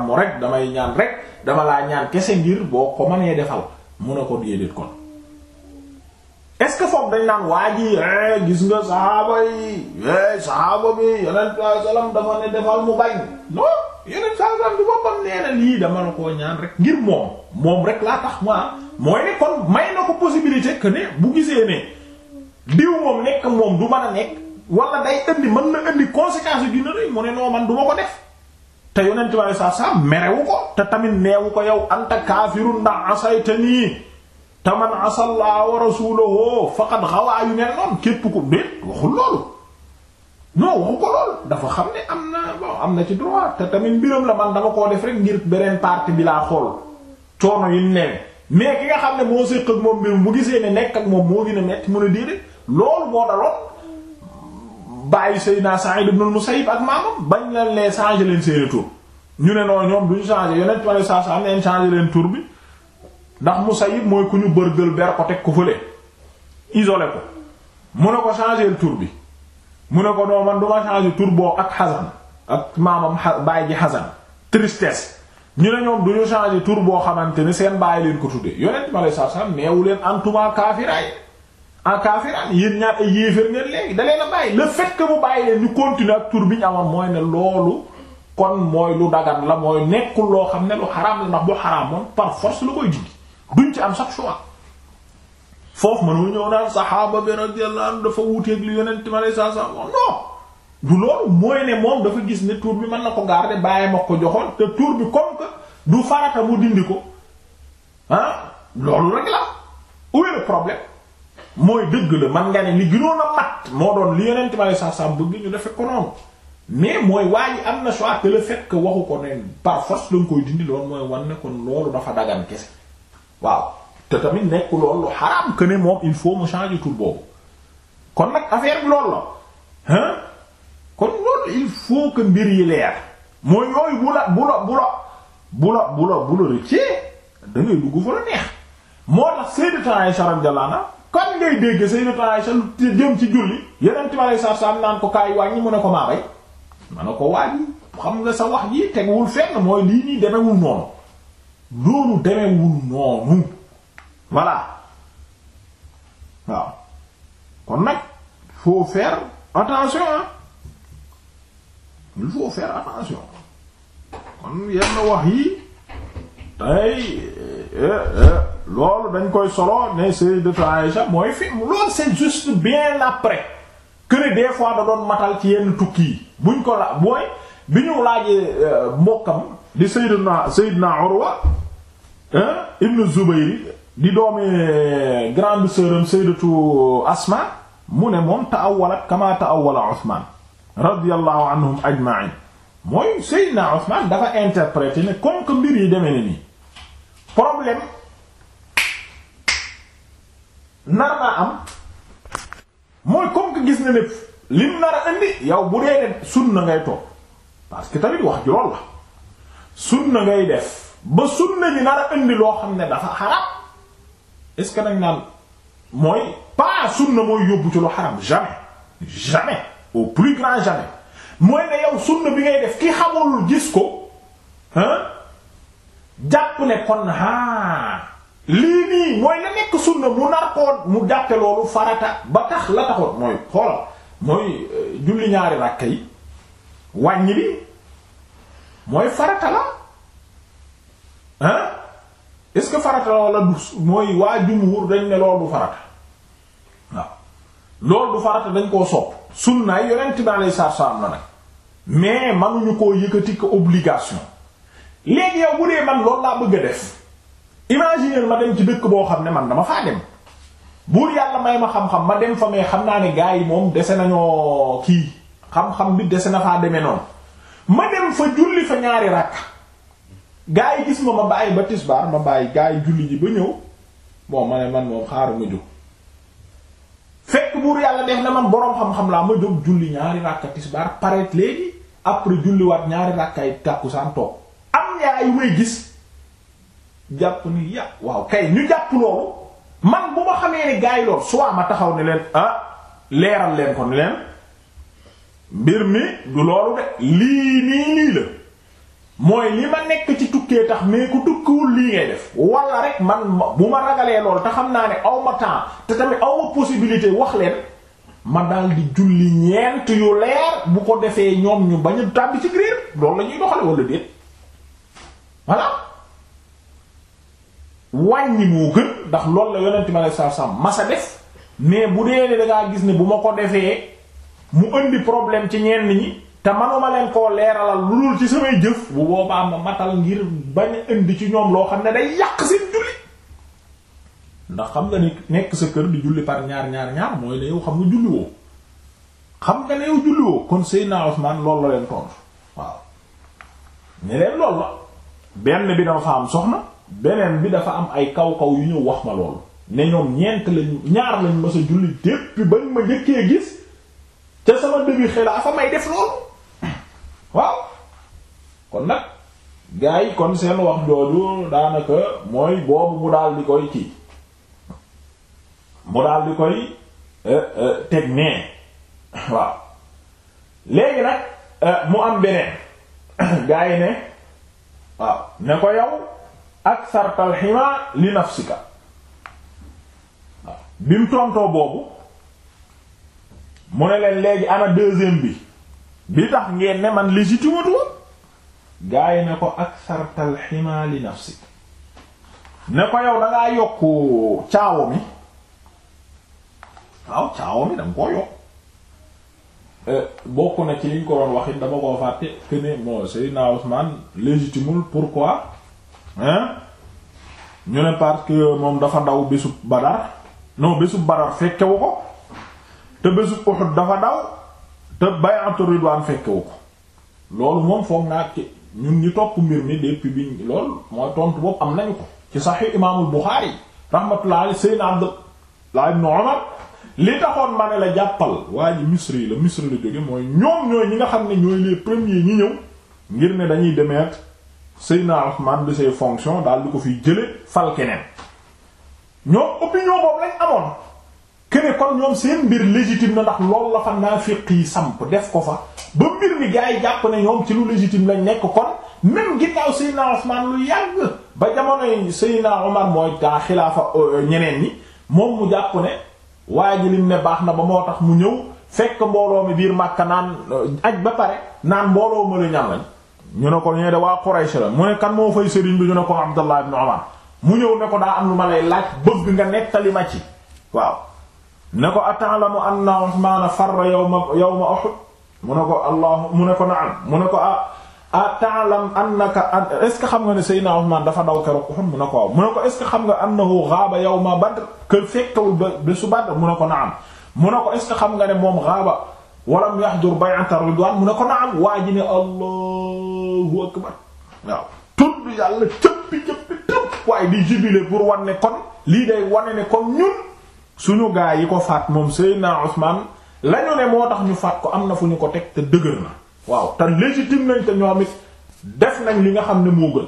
mu rek damay ñaan rek dama laa ñaan kese ngir boo ko mënee defal mun a ko déedéet kon est-ce que foofu dañ naan waa ji eh, gis nga saxaaba yi eh, saxaaba bi yeneen saa salaam dafa ne defal mu bañ non yeneen saa salaam bi boppam lii dama la koo ñaan rek ngir moom moom rek laa tax mooy ne may na ko possibilité que bu gisee ne diw moom nekk moom du man a nekk wala day indi mën na indi conséquence yu dina rëy mu ne non man du ma ko def. te yonent bi saa saa merewu ko te tamit neewu ko yow anta kaafirun ndax asayta nii te man asallah wa rasulahu faqad xawaa yu noonu képp ko déet waxul loolu non waxu ko loolu dafa xam ne am na bon am na ci droit te tamit mbiram la man dama koo def rek ngir beneen partie bi laa xool coono yi newe mais ki nga xam ne moo séq ak moom mbir mu gisee ne nekk ak moom moo gën a metti mën a déedéet loolu moo daloon bàyyi Seydina Sa'id ibn al-Musayyib ak maamam bañ leen lee changer leen seeni tur ñu ne noonu ñoom duñu changer yonent ma ne saa saa am leen tur bi ndax Musayyib mooy ku ñu bërgël ber ko teg ko fële isolé ko mu ne ko changer tur bi mu ne ko non man duma changer tur boo ak Hazan ak maamam baay ji Hazan tristesse ñu ne ñoom duñu changer tur boo xamante ne seen bàyyi leen ko tudde yonent ma ne saa saa neewu leen antuma kaafiraay en kaafiraan yéen ñaar ay yéeféer ngeen léegi da leen bàyyi le fait que mu bàyyi leen ñu continuer ak tur bi ñu amoon mooy ne loolu kon mooy lu dagan la mooy nekkul loo xam ne lu xaraam la ndax bu xaraam moom par ci am sax choix foofu mënoo ñëw naan saxaaba bi dafa wuuteeg li yonent ma lay saa saa non loolu mooy ne moom dafa gis ne tur bi mën na ko garder bàyyi ma ko joxoon te tour bi comme que du farata mu dindi ko ah loolu rek la où est le problème. mooy dëgg la man nga ne li gënoon a mat moo doon li yonent ma saa saa bëgg ñu defe ko noonu mais mooy waaye am na soit que le fait que waxu ko ne mooy wan ne kon loolu tamit nekk loolu lu xaraam que ne moom il faut mu kan ngay dégg Sayyidatu Aisha jëm ci julli Yonent bi alayhi salaam naan ko kaay wàññi mu ne ko maa bay ma ko wàññi xam nga sa wax ji teguwul fenn mooy lii nii demewul noonu loolu demewul noonu voilà waaw kon nag faut faire attention ah il faut attention kon yenn wax yi tey. Eh, eh, eh. loolu dañ koy solo ne Sayyidatu Aïsha mooy fi loolu c'est juste bien après que ne des fois da doon matal ci yenn tukki yi buñ ko la mooy bi ñu laajee euh, mbokkam di Sayyidina Sayyidina Urwa ibn Zubayr di doomi euh, grande sœur am Sayyidatu mu ne moom ta'awwalat kama ta'awwala Usman radiyallahu anhum ajma'in mooy Sayyidina Usman dafa interpréter ne comme que mbir yi demee ne nii problème nar naa am mooy comme que gis na ne lim nar a indi yow bu dee ne sunna ngay topp parce que tamit wax ji lool la sunna ngay def ba sunna ji nar a indi loo xam ne dafa xaraam est-ce que nañ naan mooy pas sunna mooy yóbbu ci lu xaraam jamais jamais au plus grand jamais mooy ne yow sunna bi ngay def ki xamul gis ko hein jàpp ne kon haa lii nii mooy la nekk sunna mu nar mu jàppe loolu farata ba tax la taxoon mooy xoolal mooy euh, julli ñaari ràkk yi wàññi bi mooy farata la hein est-ce que farata la wala du mooy waa jumhur dañ ne loolu du farata waaw loolu du farata dañ koo sopp sunnaay yonent bi alayhi salaam la nag mais mënuñu koo yëkkati obligation léegi yow bu dee man loolu laa bëgg a def imaginer ma dem ci dëkk boo xam ne man dama faa dem buur yàlla may ma xam-xam ma dem fa mais xam naa ne gars yi moom dese nañoo kii xam-xam bi dese na faa deme noonu ma dem fa julli fa ñaari rakk gars yi gis ma ma bàyyi ba tisbaar ma bàyyi gars yi julli ji ba ñëw bon ma ne man moom xaaral ma jóg fekk buur yàlla def na man boroom xam-xam laa ma jóg julli ñaari rakka tisbaar pare léegi après julliwaat ñaari rakkaay tàkkusaan toog am yaa may gis. jàpp ni ya waaw kay ñu jàpp loolu man bu ma xamee ne gars yi soit ma taxaw ne leen ah leeral leen ko ne leen mbir mi du loolu de lii nii lii la mooy li ma nekk ci tukkee tax mais ku tukkiwul lii ngay def wala rek man bu ma ragalee loolu te xam naa ne aw temps te tamit aw possibilité wax leen ma daal di julli ñeent yu leer bu ko defee ñoom ñu bañ a ci griir loolu la ñuy doxale wala déet voilà wàññi moo gën ndax lool la yonent ma lay sarsam masa def mais bu dee ne da gis ne bu ma ko defee mu indi problème ci ñenn ñi te manuma leen koo leeralal lu dul ci samay jëf bu boobaa ma matal ngir bañ a indi ci ñoom loo xam ne day yàq seen julli ndax xam nga ni nekk sa kër di julli par ñaar ñaar ñaar mooy ne yow xam nga julli woo xam nga ne yow julli woo kon Seydina Usmaan loolu la leen tontu waaw ne leen loolu la benn bi dafa am soxna. beneen bi dafa am ay kaw kaw yu ñëw wax ma loolu ne ñoom ñeent lañ ñaar lañ mës a julli depuis bañ ma njëkkee gis ca sama début xelaa fa may def loolu waaw kon nag gars kon seen wax jooju daanaka mooy boobu mu daal di koy kii mu daal di koy eh, eh, teg nee waaw léegi nag eh, mu am beneen gars ne waaw ne ko yow aksartal xima li nafsika bi mu tontoo boobu mu ne leen léegi ana deuxième bi bi tax ngeen ne man légitimatu woon gaa yi ne ko aksartal xima li nafsika ne ko yow dangaa yokku caawo mi waaw caawa mi danga koo yokk euh, bokk na ci liñ ko doon waxit dama koo fàtte que ne moo Seydina Ousmane légitimul pourquoi ñu ne parce moom dafa daw bésub Badar non bésub Badar fekkewu ko te bésub Uhud dafa daw te bay'atu Ridwaan fekkewu ko loolu moom foog naa ci ñun ñi topp mbir mi depuis bi loolu mooy tontu boobu am nañu ko ci sax Sahih Imaamul Buxaari rahmatullahi alayhi laa Abdullah ibn Umar li taxoon ma ne la jàppal waa ji Misri la Misri la jóge mooy ñoom ñooy ñi nga xam ne ñooy les premiers ñi ñëw ngir ne dañuy demeet Seydina Ousmane de ses daal di ko fi jële fal keneen ñoom opinion boobu lañ amoon kene kon ñoom seen mbir légitime na ndax loolu la fa naafiq yi samp def ko fa ba mbir mi gaa yi jàpp ne ñoom ci lu légitime lañ nekk kon même ginnaaw Seydina Ousmane lu yàgg ba jamonoy Seydina Omar mooy taa xilaafa euh, ñeneen ñi moom mu jàpp ne waa ji ne baax na ba moo tax mu ñëw fekk mbooloo mi biir Makka naan euh, aj ba pare naan mbooloo ma la ñam ñu ne ko ñee de waa Quraysh la mu ne kan moo fay sëriñ bi ñu ne ko Abdallah ibn Umar mu ñëw ne ko daa am lu ma lay laaj bëgg nga nettali ma ci waaw ne ko ata'lamu anna Usman farra yawma yawma Uhud mu ne ko a mu ne ko na'am mu ne ko ah ata'lam annaka est-ce que xam nga ne Seydina Usman dafa daw keroog Uhud mu ne ko waaw mu ne ko est-ce que xam na annahu ghaaba yawma Badr kër fekkawul ba su Badr mu ne ko na'am mu ne ko est-ce que xam nga ne moom ghaaba walam yahdur bay'ata ridwan mu ne ko naam waa ji ne allahu akbar waaw tudd yàlla cëppi cëppi tëpp waaye di jubilé pour wan ne kon lii day wane ne kon ñun suñu gaa yi ko faat moom Seydina Ousmane lañu ne moo tax ñu faat ko am na fu ñu ko teg te dëgër na waaw te légitime nañ te ñoom it def nañ li nga xam ne moo gën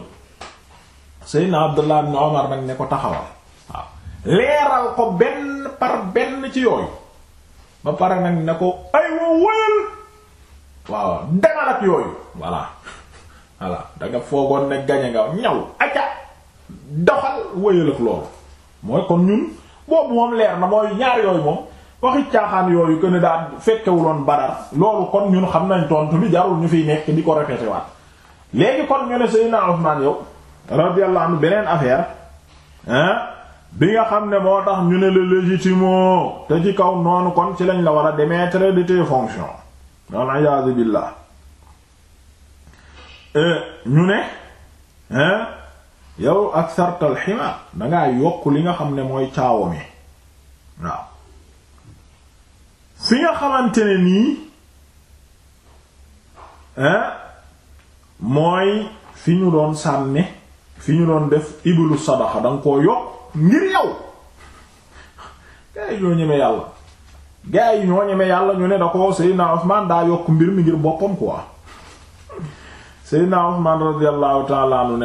Seydina Abdullah ibn Omar nag ne ko taxawal waaw leeral ko benn par benn ci yooyu ba pare nag ne ko ay wa wëyal waaw demal yooyu voilà voilà danga foogoon ne gañe nga ñaw acca doxal wëyal ak loolu mooy kon ñun boobu moom leer na mooy ñaar yooyu moom waxi caaxaan yooyu que ne daan fekkewuloon badar loolu kon ñun xam nañ tontu bi jarul ñu fiy nekk di ko répété waat léegi kon ñu ne Usmaan yow radiyallahu anhu beneen affaire bi nga xam ne moo tax ñu ne la légitimo te ci kaw noonu kon ci lañ la war a démettre de tes fonctions noonu ayaazu billah eh, ñu ne hein yow ak sartal xima dangaa yokk li nga xam ne mooy caawa mi waaw fi nga xamante ne nii mooy fi ñu doon sànne fi ñu doon def ibilu sadaxa danga koo yokk ngir yow gaa yi ñoo ñeme yàlla ñeme yàlla ñu ne da ko Seydina Usman daa yokk mbir mi ngir boppam quoi Seydina Usman radiyallahu ta'ala anhu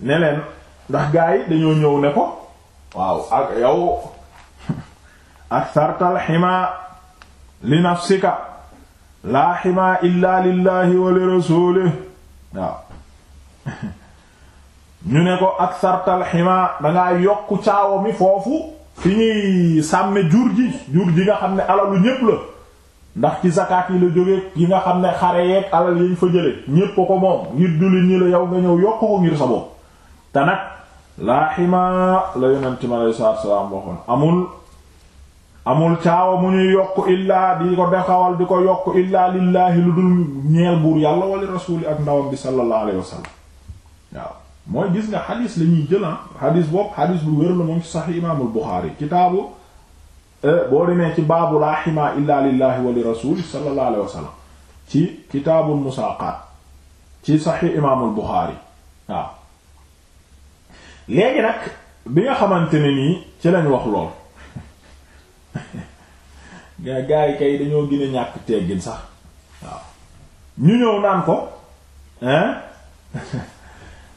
ne leen ndax gaa yi dañoo ñëw ne ko waaw ak yow ak sartal li nafsika laa xima illa lillahi wa li ñu ne ko ak sartal xima dangaa yokk caawa mi foofu fi ñuy sàmme jur ji jur ji nga xam ne alalu ñépp la ndax ci zakaat yi la jóge yi nga xam ne xare yeeg alal yañ fa jële ñépp ko ko moom ngir jullit ñi la yow nga ñëw yokk ko ngir sa bopp te nag laa xima la yonent mi aleyhi salaatu salaam waxoon amul amul caawa mu ñuy yokk illaa di ko dexawal di ko yokk illaa lillaahi lu dul ñeel buur yàlla wala rasuuli ak ndawam bi sallallahu alayhi wasallam mooy gis nga xadis lañuy ñuy jël ah, xadis bopp xadis bu wér la moom ci sax imaamul Buxaari kitaabu eh, boo demee ci baabu laa ximaa illaa lillahi wa li rasuli sallallahu ci kitaabul musaaqaat ci sax imaamul Buxaari waaw léegi nag bi nga xamante ne nii ci lañ wax lool nga gaa kay dañoo gën ñàkk teggin sax waaw ñu ñëw naan ko hein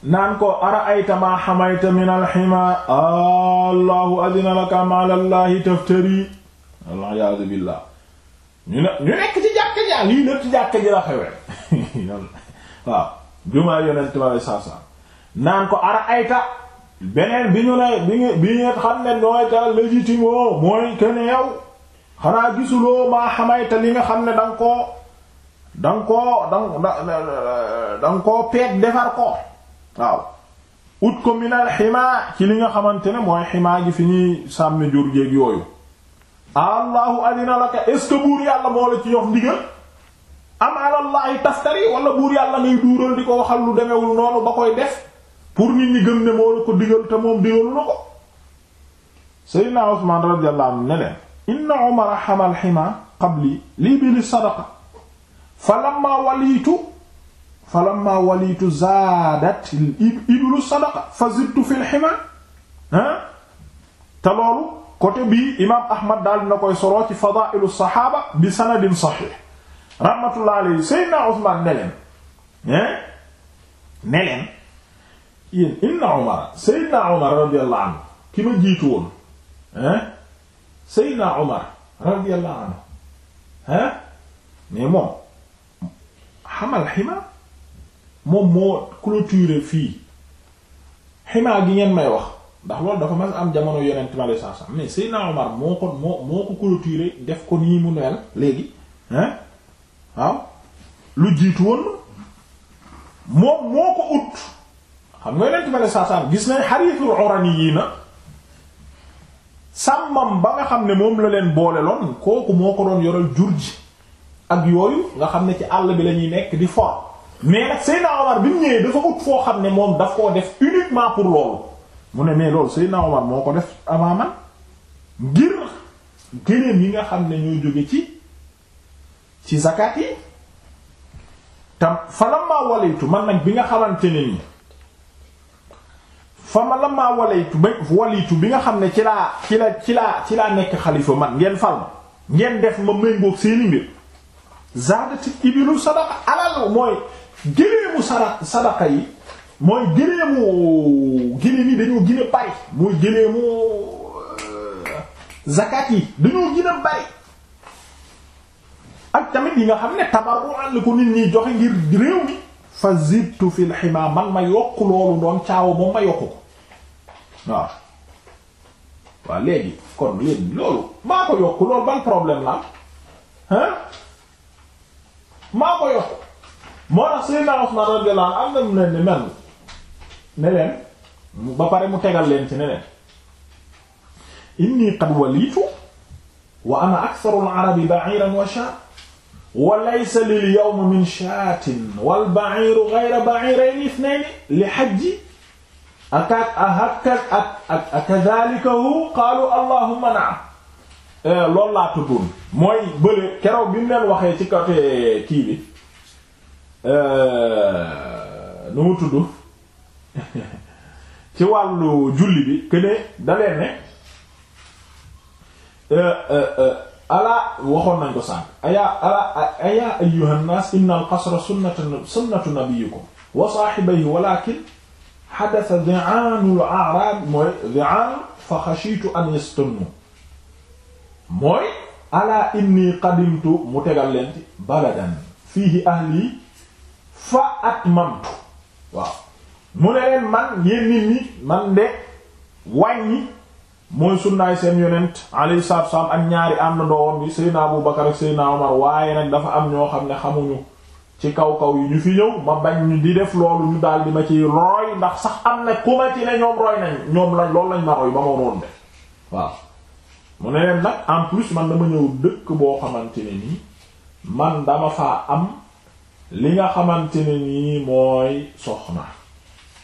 naan ko ara ayta maa xamayta min alxima allahu adina la xewee waaw jumaa yonent naan ko ara ayta beneen bi ñu ne bi nga bi xam ne nooy ta légitime mooy kene yow xanaa gisuloo maa xamayta li nga xam ne dang koo danga koo danga danga koo peeg defar ko waaw ut ko minal ximaa ci li nga xamante ne mooy ximaa gi fi ñuy sàmmi jur jéeg yooyu allahu adina laka est ce buur yàlla moo la ci yox ndigal am alallahi taftari wala buur yàlla ngay duural di ko waxal lu demewul noonu ba koy def pour nit ñi gëm ne moo la ko digal te moom digalu na ko seydna usman radiyallahu anhu inna umara xamal xima qabli lii bi sadaqa fa lamma waliitu falamma walitu zaadat iblu sadaqa fa zidtu fil xima ah te loolu côté bii imaam Ahmad daal dina koy soroo ci fadaa'ilu saxaaba bi sanadin saxiix rahmatullahi alayhi Seydina Usmaan ne leen ne leen yéen inna Umar Seydina Umar radiyallahu anhu ki ma jiitu woon Seydina Umar radiyallahu anhu mais moom xamal xima moom moo clôturer fii ximaa gi ngeen may wax ndax loolu dafa mas am jamono yonent ma saa saa mais Seydina Omar moo ko moo moo ko clôturer def ko nii mu mel léegi hein waaw lu jiitu woon moom moo ko ut xam nga yonent ma saa gis nañ xariitul orani yii na sàmmam ba nga xam ne moom la leen boole loon kooku moo ko doon yoral jur ji ak yooyu nga xam ne ci àll bi lañuy nekk di for mais nag Seydina Omar bi mu ñëwee dafa ut foo xam ne moom daf koo def uniquement pour loolu mu ne mais loolu Seydina Omar moo ko def avant man ngir gëléem yi nga xam ne ñoo jóge ci ci zakat yi tam fa lammaa walaytu man nag bi nga xamante ne ni fa ma lammaa walaytu ba walitu bi nga xam ne ci laa ci la ci laa ci laa nekk xalifa man ngeen fal ngeen def ma méngoog seeni mbir zaadati ibilu sadaqa alal mooy géléemu sara sadaka yi mooy géléemu géléem yi dañoo gën a bari mooy géléemu euh, zakat yi dañoo gën bari ak yi nga xam ne tabarru'an la ko nit ñi joxe ngir réew mi fa zidtu fil ximaa man ma yokk loolu doon caawa moom ma yokk ko waaw waaw léegi kon léegi loolu maa ko yokk loolu ban problème la ah maa ko yokk moo tax Seydina Usman radiyallahu anhu am na mu leen di mel ne leen ba pare mu tegal leen ci ne leen inni qad walitu wa ana aktharu al-arabi ba'iran wa shaatan wa laysa lil yawma min shaatin wal ba'iru ghayra ba'irayn ithnayni li hajji akadhalika hu qaalu allahumma na'am eh, loolu laa tuddoon mooy bële keroog bi mu leen waxee ci côté kii bi Euh, nu mu tudd ci wàllu julli bi que ne da leen ne euh, euh, ala waxoon nañ ko sànq ayaa ala ayaa ayyuhan nas inna al qasra sunnatu sunnatu nabiyikum wa saahibihi walakin xadata di'aanul a'raab mooy di'aan fa xashiitu an yastunnu mooy ala inni qadimtu mu tegal leen ci baladan fiihi ahli fa atmamtu waaw mu ne leen man yéen nit ñi man de wàññi mooy sunnaay seen yonent alayhi salaatu wa ak ñaari ànd doom bi Seydina Abu Bakar ak Seydina Omar waaye nag dafa am ñoo xam ne xamuñu ci kaw kaw yi ñu fi ñëw ma bañ di def loolu ñu daal di ma ci roy ndax sax am na ku ma ci ne ñoom roy nañ ñoom lañ loolu lañ ma roy ba ma roon waaw mu ne leen nag en plus man dama ñëw dëkk boo xamante ne nii man dama faa am li nga xamante ne nii mooy soxna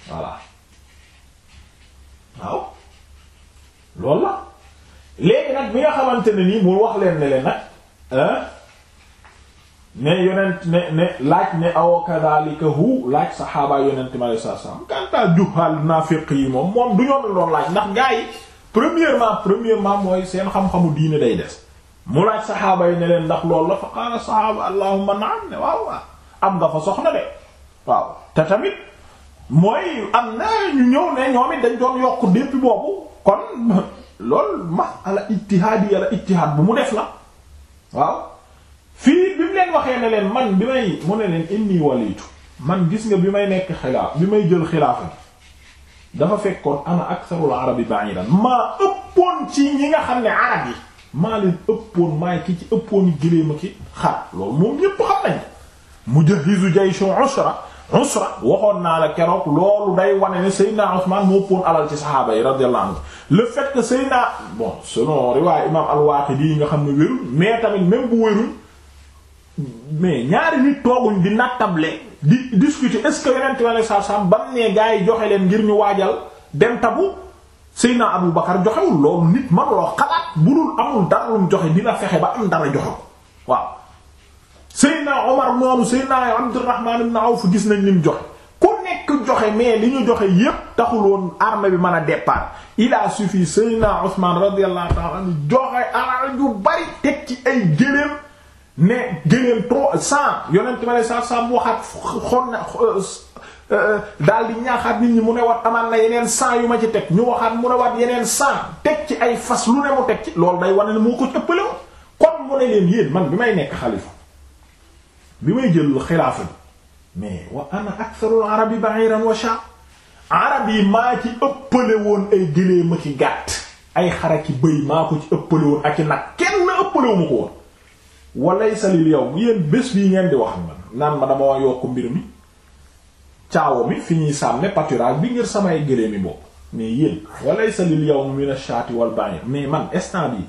voilà waaw lool la léegi nag bi nga xamante ne nii mu wax leen ne leen nag ne yonent ne ne laaj ne aw kadhalika hu laaj saxaaba yonent mi alayhi salaam kantaa juhal naafiq yi moom moom du ñoon loolu laaj ndax gaa yi premièrement premièrement mooy seen xam-xamu diine day des mu laaj saxaaba yi ne ndax loolu la fa qaala saxaaba allahumma na'am ne waaw waaw am nga fa soxna de waaw te tamit mooy am na ñu ñëw ne ñoom dañ doon yokk depuis boobu kon lool ma ala ijtihaad yi ala bu mu def la waaw fii bi mu leen waxee ne leen man bi may mu ne leen inni walitu man gis nga bi may nekk xilaaf bi may jël xilaafa dafa fekkoon ana aktharul arabi ba'idan maa ëppoon ci ñi nga xam ne arab yi maa leen ëppoon maay ki ci ëppoon yi ki xar loolu moom ñépp xam nañ mujahizu jayshu usra usra waxoon naa la keroog loolu day wane ne Seydina Usmaan moo poon alal ci saxaaba yi radiyallahu anhu le fait que Seydina bon selon imaam al nga xam ne wérul mais tamit même bu wérul mais ñaari nit tooguñ di nattable di discuter est-ce que yeneen tubaab yi saa saa bam ne gaa yi joxe leen ngir ñu waajal dem tabu Seydina Abu Bakar joxewul loolu nit mënuloo xalaat bu dul amul dara lu joxe dina fexe ba am dara joxe waaw. Seydina Omar noonu Seydina Abdurrahman ibn Awf gis nañ lim joxe ku nekk joxe mais li ñu joxe yépp taxul woon armée bi man a départ il a suffi Seydina Ousmane radiyallahu ta'ala anhu joxe alal yu bari teg ci ay gëléem ne gëléem trop cent yonent ma ne sa sam waxaat xon na daal di ñaaxaat nit ñi mu ne wat amaan na yeneen cent yu ma ci teg ñu waxaat mu ne wat yeneen cent teg ci ay fas lu ne mu teg ci loolu day wane ne moo ko ëppale kon mu ne leen yéen man bi may nekk xalifa bi may jël xilaafa mais wa ana aktharul arabi ba'iran wa sha arab yi maa ci ëppale woon ay gëléem a ki gàtt ay xara ki bëy maa ko ci ëppale woon ak i nag kenn ëppale ko woon walaysa lil yow yéen bés yi ngeen di wax man naan ma dama yokk mbir mi caawa mi fi ñuy sàmme bi ngir samay gëléem yi bopp mais yéen walaysa mais man instant bi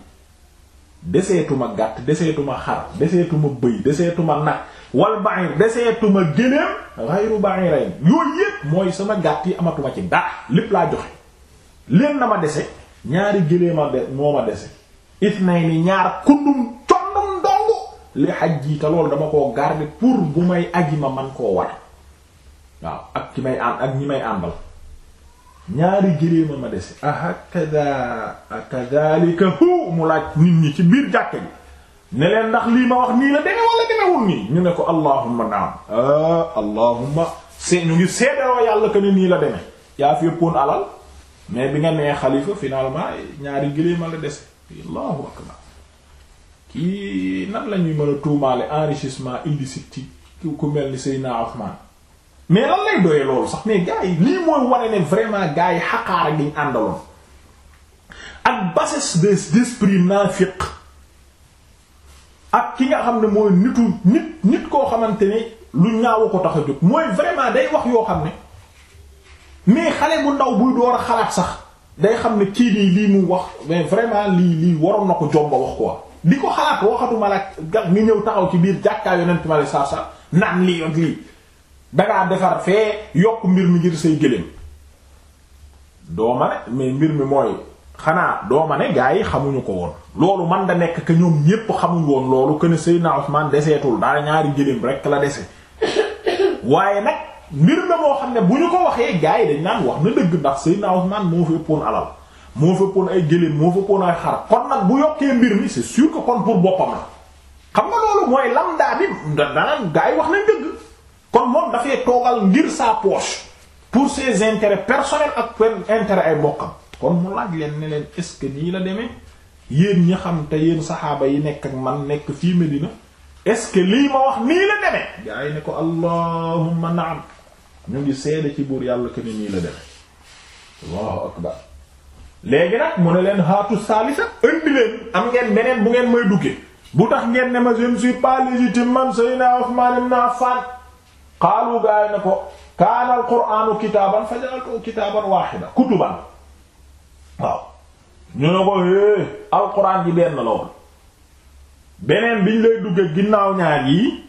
deseetuma gàtt deseetuma xar deseetuma bëy deseetuma nag wal ba'ir deseetuma généem ghayru ba'irayn yooyu yépp mooy sama gàtt yi amatuma ci dara lépp laa joxe leen na ma dese ñaari géléema de moo ma dese ni ñaar kundum condum ndongu li hajji te loolu dama koo garder pour bu may aji ma man koo war waaw ak ki may ànd ak ñi may àndal ñaari géléema ma dese ahakada akadhalika hu mu laaj nit ñi ci biir jàkke bi ne leen ndax lii ma wax nii la deme wala demewul nii ñu ne ko allahumma naam ah allahumma ñu ngi seedaroo yàlla que ne nii la deme yaa fi ëppoon alal mais bi nga nee xalifa finalement ñaari giléem a la dese allahu akbar kii nan la mën a tuumaale enrichissement illicite ci ku mel ni Seydina Ousmane mais lan lay loolu sax mais gars yi lii mooy wane ne vraiment gars yi xaqaar gi àndaloon ak bassesse d'esprit naafiq ak ki nga xam ne mooy nitu nit nit koo xamante ni lu ñaaw ko tax a jóg mooy vraiment day wax yoo xam ne mais xale bu ndaw buy door a xalaat sax day xam ne kii nii lii mu wax mais vraiment lii lii waroon na ko jomba wax quoi di ko xalaat waxatuma la nga ñëw taxaw ci biir jàkkaa yonent ma la saa saa naan lii ak lii dangaa defar fee yokk mbir mi ngir say gëléem doo ne mais mbir mi mooy xanaa dooma ne gaa yi xamuñu ko woon loolu man da nekk que ñoom ñépp xamuñ woon loolu que ne Seydina Usmaan deseetul daal ñaari gëléem rek la dese waaye nag mbir na moo xam ne bu ñu ko waxee gaa yi dañ naan wax na dëgg ndax Seydina Usmaan moo fa ëppoon alal moo fa ëppoon ay gëléem moo fa ëppoon ay xar kon nag bu yokkee mbir mi c'est sûr que kon pour boppam la xam nga loolu mooy lambda bi danaan gaa yi wax nañ dëgg kon moom dafay toogal ngir sa poche pour ses intérêts personnels ak intérêt ay mbokkam kon mu laaj leen ne leen est-ce nii la demee yéen ñi xam te yéen saxaaba yi nekk ak man nekk fii Medina est-ce que lii ma wax nii la demee gaa yi ne ko allahumma naam ñu ngi seede ci buur yàlla que ne nii la demee allahu akbar léegi nag mu ne leen haatu saalisa indi leen am ngeen beneen bu ngeen may duggee bu tax ngeen ne ma je ne suis pas légitime man Seydina Usmaan ibn Affaan xaalu gaa yi ne ko kaana al qur'aanu kitaaban faj'altu kitaaban waahidan kutuban waaw ñu ne ko hée alxuraan ji benn la woon beneen biñ lay duggee ginnaaw ñaar yi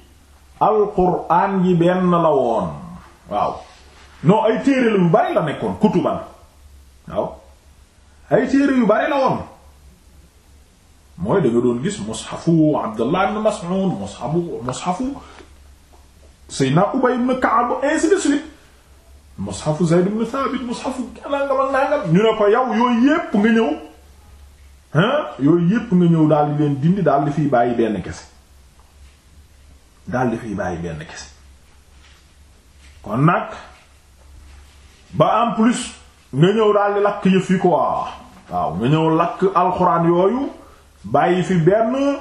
alxuraan ji benn la woon waaw non ay téere yu bari la nekkoon kutuban waaw ay téere yu bari la woon mooy da doon gis mushafu Abdullah ibn Mas'ud mushafu mushafu Seydina Ubay ibn Ka'b ainsi de suite mushafu Zayd ibn Thabit mushafu nangam ak nangam ñu ne ko yow yooyu yépp nga ñëw hein yooyu yépp nga ñëw daal di leen dindi daal di fiy bàyyi benn kese daal di bàyyi benn kese kon nag ba en plus nga ñëw daal di lakk yëf yi quoi waaw nga ñëw lakk alxuraan yooyu bàyyi fi benn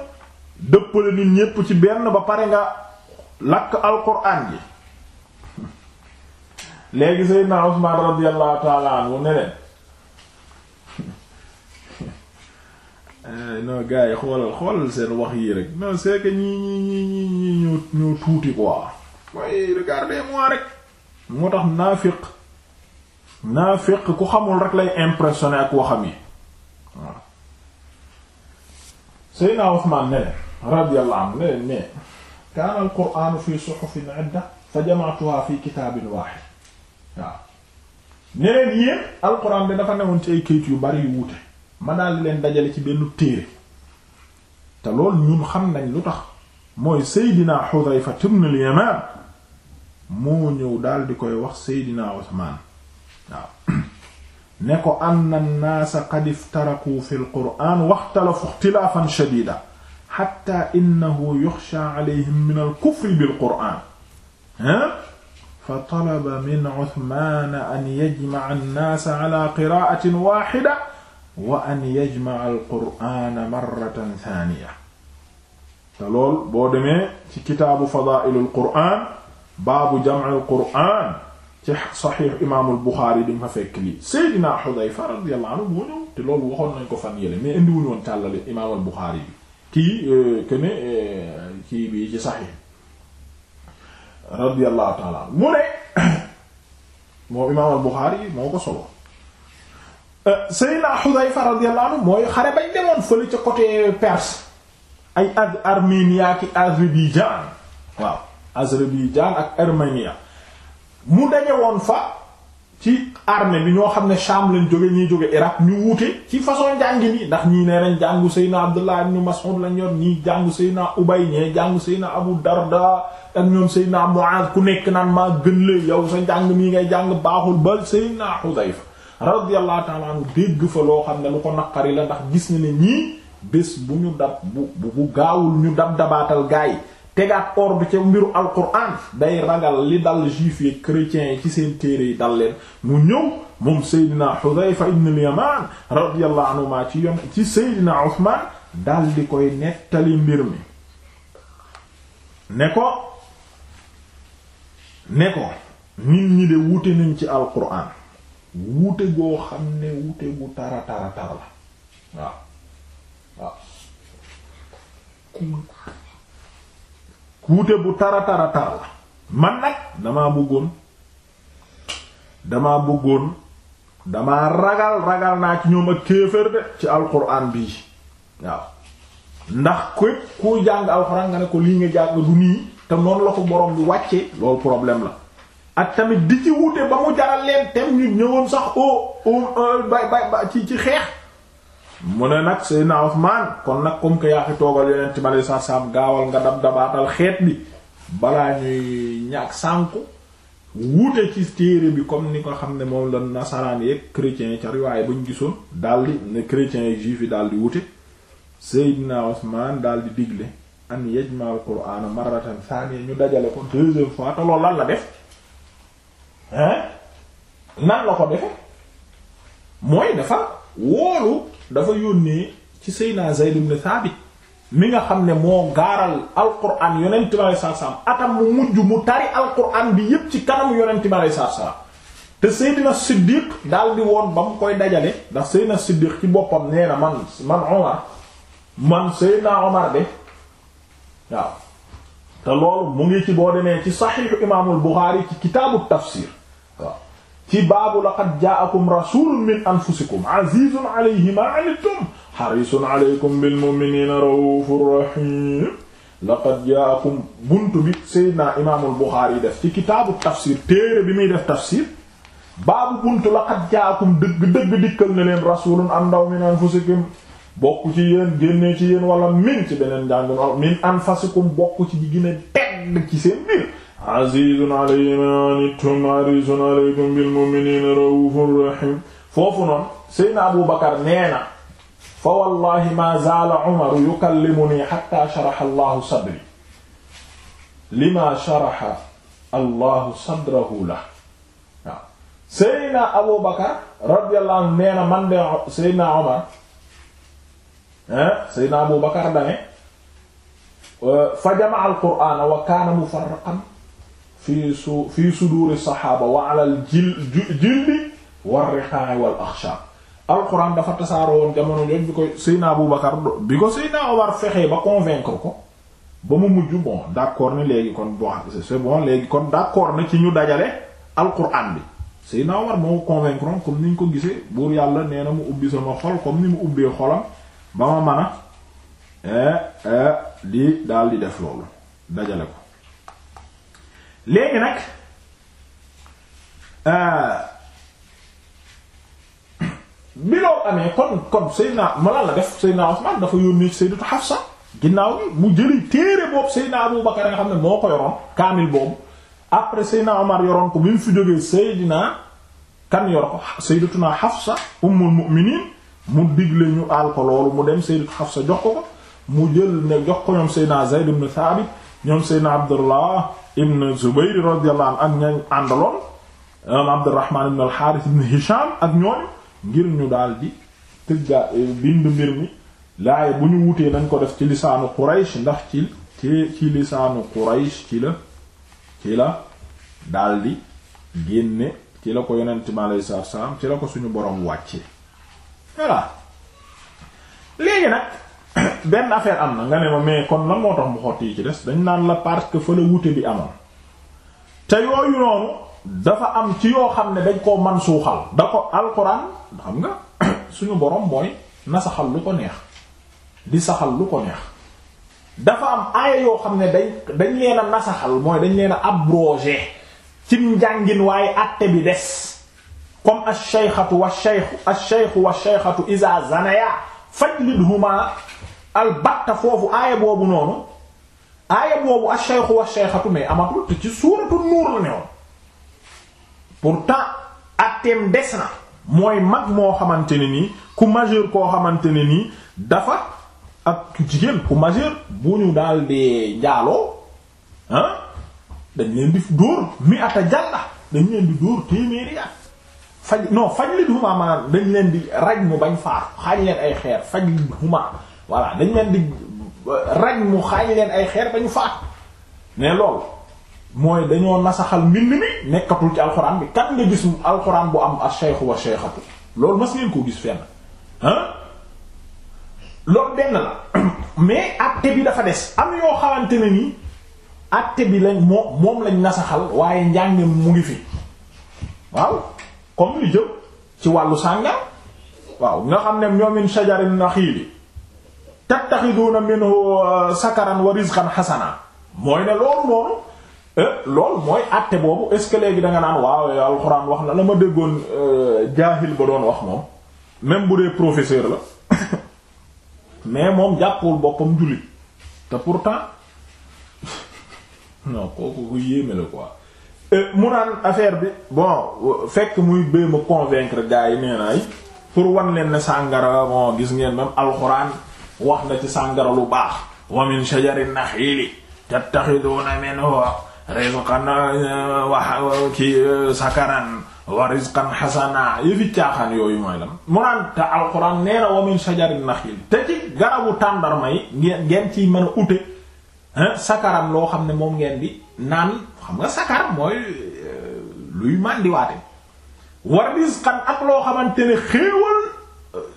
dëppale nit ñépp ci benn ba pare nga lakk alxuraan yi léegi Seydina Usmaan radiyallahu taala anhu ne leen eh, non gars yi xoolal xoolal seen wax yii rek non c'est que ñii ñii ñii ñii ñoo ñoo tuuti quoi. waaye regardez-moi rek. moo tax naafiq naafiq ku xamul rek lay impressionné ak waxam yi waaw. Seydina Usmaan ne leen radiyallahu anhu kaana al-Qur'aanu fi suhufin idda fi kitaabin waahid waaw ne leen yéen alxuraan bi dafa newoon ci yu bari yu wuute ma leen dajale ci benn téere te loolu ñun xam nañ lu tax mooy Seydina Xudayfa ibn al-Yaman moo ñëw daal di koy wax Seydina Usmaan waaw ne ko anna naasa qad fi al-qur'aan waxtalafu ixtilaafan shadiidan xatta innahu yuxshaa alayhim min al-kufri bil-qur'aan ha fa talaba min Usmaan an yajmaca annaasa ala qiraatin waaxida wa an yajmaca alqur'aana marratan saaniya te lool boo demee ci kitaabu fadaa'ilul qur'aan baabu jamcil qur'aan ci saxiix imaamul Buxaari di nga fa fekk lii Seydina Xudayfa radiyallahu anhu moo ñëw te loolu waxoon nañ ko fan yële mais indiwuñu woon tàllale imaamul Buxaari bi kii euh, que ne euh, kii bi ci saxiix. radiyallahu taala mu ne moom imaam al Buxaari moo ko solo euh, Seydina Xudayfa radiyallahu anhu mooy xare bañ demoon fële ca côté Perse ay a Armenia ki Azerbaïdjan waaw ak Armenia mu daje woon fa ci armée bi ñoo xam ne Sham lañ jóge ñuy jóge Irak ñu wuute ci façon njàngi ni ndax ñii nee nañ jàngu Seydina Abdullah ibn Mas'ud lañ yor ñii jàngu Seydina Ubay ñee jàngu Seydina Abu Darda ak ñoom Seydina Muaz ku nekk naan maa gën la yow sa njàng mii ngay jàng baaxul ba Seydina Hudayfa radiyallahu ta'ala anhu dégg fa loo xam ne lu ko naqari la ndax gis na ne ñii bés bu ñu dab bu bu gaawul ñu dab dabaatal gaay tegaat or bi ca mbiru alquran day ragal li dal juif yi chrétiens yi ci seen téere yi dal leen mu ñëw moom Seydina Hudhayfa ibn al-Yaman radiyallahu anhuma ci yoon ci Seydina Uthman dal di koy nettali mbir mi ne ko ne ko nit ñi de wuute nañ ci alquran wuute goo xam ne wuute gu tara tara tara waaw wuute bu tara tara tar la man nag damaa bëggoon damaa bëggoon damaa ragal ragal naa ci ñoom ak kéefër de ci alquran bii waaw ndax képp ku jàng alquran nga ne ko lii nga jàng du nii te noonu la ko borom bi wàccee loolu problème la ak tamit di ci wuute ba mu jaral leen tem ñu ñëwoon sax o o bay bay ba ci ci xeex mu ne nag Seydina Usmaan kon nag comme que yaa fi toogal yeneen ci male sa saam gaawal nga dab dabaatal xeet bi balaa ñuy ñàkk sànku wuute ci téere bi comme ni ko xam ne moom la nasaraan yeeg chrétiens yi ca riwaaye ba ñu gisoon daldi ne chrétiens yi juif yi daldi wuute Seydina Usmaan daldi digle an yajma'al qur'ana marratan thaniya ñu dajale ko deuxième fois te loolu lan la def hein nan la ko defe mooy dafa wóolu dafa yónnee ci Seydina Zayd ibn Thabit mi nga xam ne moo gaaral alquran yonent bi alayhi salaam atam mu mujj mu tari alquran bi yépp ci kanam yonent bi alayhi salaam te Seydina Siddiq daal di woon ba mu koy dajale ndax Seydina Siddiq ci boppam nee na man man Omar man Seydina Omar de waaw te loolu mu ngi ci boo demee ci saxiixu imaamul Buxaari ci kitaabu tafsir waaw ci baabu laqad jaakum rasulun min anfusikum azizun alayhi ma anittum harisun alaykum bil mu'minina raufur rahim laqad jaakum buntu bi Seydina imaamul Buxaari yi def ci kitaabu tafsir téere bi muy def tafsir baabu buntu laqad jaakum dëgg-dëgg dikkal ne leen rasulun am ndaw min anfusikum bokk ci yéen génnee ci yéen wala min ci beneen njàngun min anfusikum bokk ci gi gën a tedd ci seen biir azizun alayhi ma anittum harisun alaykum bil mu'minina raufur rahim foofu noonu seydna abu bakar nee na fa wallahi ma zaala umaru yukallimuni hatta sharaha allahu sadri lima sharaha allahu sadrahu la waaw seydna abu bakar radiyallahu anhu nee na man de seydna omar seydna abu bakar dane fa jamaa al qur'ana wa kaana mufarraqan fii su fii suduuri saxaaba wa alal jil jildi war riqa'i wal axshab alquran dafa tasaaroo woon jamono jooju bi ko Seyna Aboubacar bi ko Seyna Omar fexee ba convaincre ko ba mu mujj bon d'accord ni léegi kon bon c'est bon léegi kon d'accord na ci ñu dajale alquran bi Seyna Omar moo convaincre comme ni ñu ko gisee buur yàlla nee na mu ubbi sama xol comme ni mu ubbee xolam ba ma mën eh, eh, di daal di def loolu dajale ko. léegi nag euh, bi loo amee kon kon Seydina ma lan la def Seydina Usman dafa yónni Sayyidatu Hafsa ginnaaw bi mu jëli téere boobu Seydina Abu Bakar xam ne moo ko yoroon kaamil boobu après Seydina Omar yoroon ko bi fi jógee Seydina kan yor ko Sayyidatuna Hafsa ummul mu'minin mu digle ñu aal mu dem Sayyidatu Hafsa joxo ko mu jël ne jox ko ñoom Seydina Zayd Thabit ñoom Seydina Abdullah ibn Zubayr radiyallahu anhu ak ñañ àndaloon imaam Abdurrahman ibn al ibn Hisham ak ñooñu ngir ñu daal di tëggaa eh, bind mbir mi laaye bu ñu wutee nañ ko def ci lisaanu Quraysh ndax ci ci ci lisaanu Quraysh ci la ci la daal génne ci la ko yonent mi alayhi salaam ci la ko suñu boroom wàccee voilà léegi nag benn affaire am na nga ne ma mais kon lan moo tax mu xotti yi ci des dañ naan la parce que fa la wute bi amoon te yooyu noonu dafa am ci yoo xam ne dañ koo man suuxal da ko alxuraan xam nga suñu borom mooy na saxal lu ko neex di saxal lu ko neex dafa am aaya yoo xam ne dañ dañ leen a nasaxal mooy dañ leen a abrogé ci njàngin waaye àtte bi des comme ash-shaykhatu wash-shaykhu ash-shaykhu wash-shaykhatu iza zanaya fajlidhuma albatta foofu aaya boobu noonu aaya boobu ash-shaykhu wash-shaykhatu mais amatul te ci suuratu nuur la ne woon pourtant atteem des na mooy mag moo xamante ne nii ku majeur koo xamante ne nii dafa ak ku jigéen ku majeur bu ñu daal di njaaloo ah dañ leen di dóor mi ata jàlla dañ leen di dóor téeméeri at faj non faj li huma maanaam dañ leen di raj mu bañ faar xaañ leen ay xeer faj li huma voilà dañ leen di raj mu xaañ leen ay xeer ba ñu faat mais lool mooy dañoo nasaxal mbind mi nekkatul ci alxuraan bi kat nga gis alxuraan bu am ash-shaykhu wa shaykhatu loolu mas ngeen koo gis fenn ah loolu benn la mais àtte bi dafa des am yoo xamante ne nii àtte bi lañ moom lañ nasaxal waaye njàng mu ngi fi waaw comme li jëm ci wàllu sànga waaw nga xam ne ñoomin shajarin naxiili tattaxiduuna minhu euh, sakaran wa rizqan xasana mooy ne loolu noonu euh, loolu mooy àtte boobu est ce que léegi da naan waaw alxuraan wax na la ma déggoon euh, jaahil ba doon wax moom même bu dee professeur la mais moom jàppul boppam jullit mu naan affaire bi bon fekk muy béy ma convaincre yi nee pour wan leen ne sàngara bon gis ngeen même alxuraan. wax na ci sàngara lu baax wa min shajari naxiili tattaxiduuna minhu rizqan euh, wa euh, ki euh, sakaran wa rizqan xasana yëfi caaxaan yooyu mooy lan mu naan te alquran nee wa min shajari naxiil te ci garabu tàndarma yi ngeen ngeen ciy mën a ute sakaran loo xam ne moom ngeen bi naan xam nga sakar mooy luy màndiwaate wa rizqan ak loo xamante ne xéewal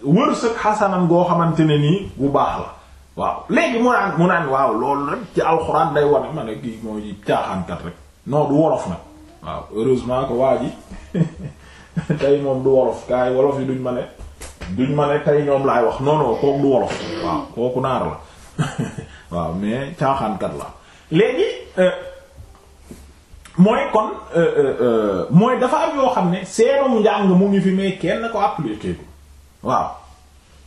wërsëg xasanan goo xamante ne nii bu baax la waaw léegi mu naan mu naan waaw loolu rek ci alxuraan day wone ma kii mooy caaxaankat rek non wolof nag waaw heureusement que waa ji tey moom du wolof kaay wolof yi duñ ma ne duñ ma ne tey ñoom laay wax non non kooku du wolof waaw kooku naar la waaw mais caaxaankat la léegi euh, mooy kon euh, euh, mooy dafa am yoo xam ne seenum njàng mu ngi fi mais kenn ko appliqué waaw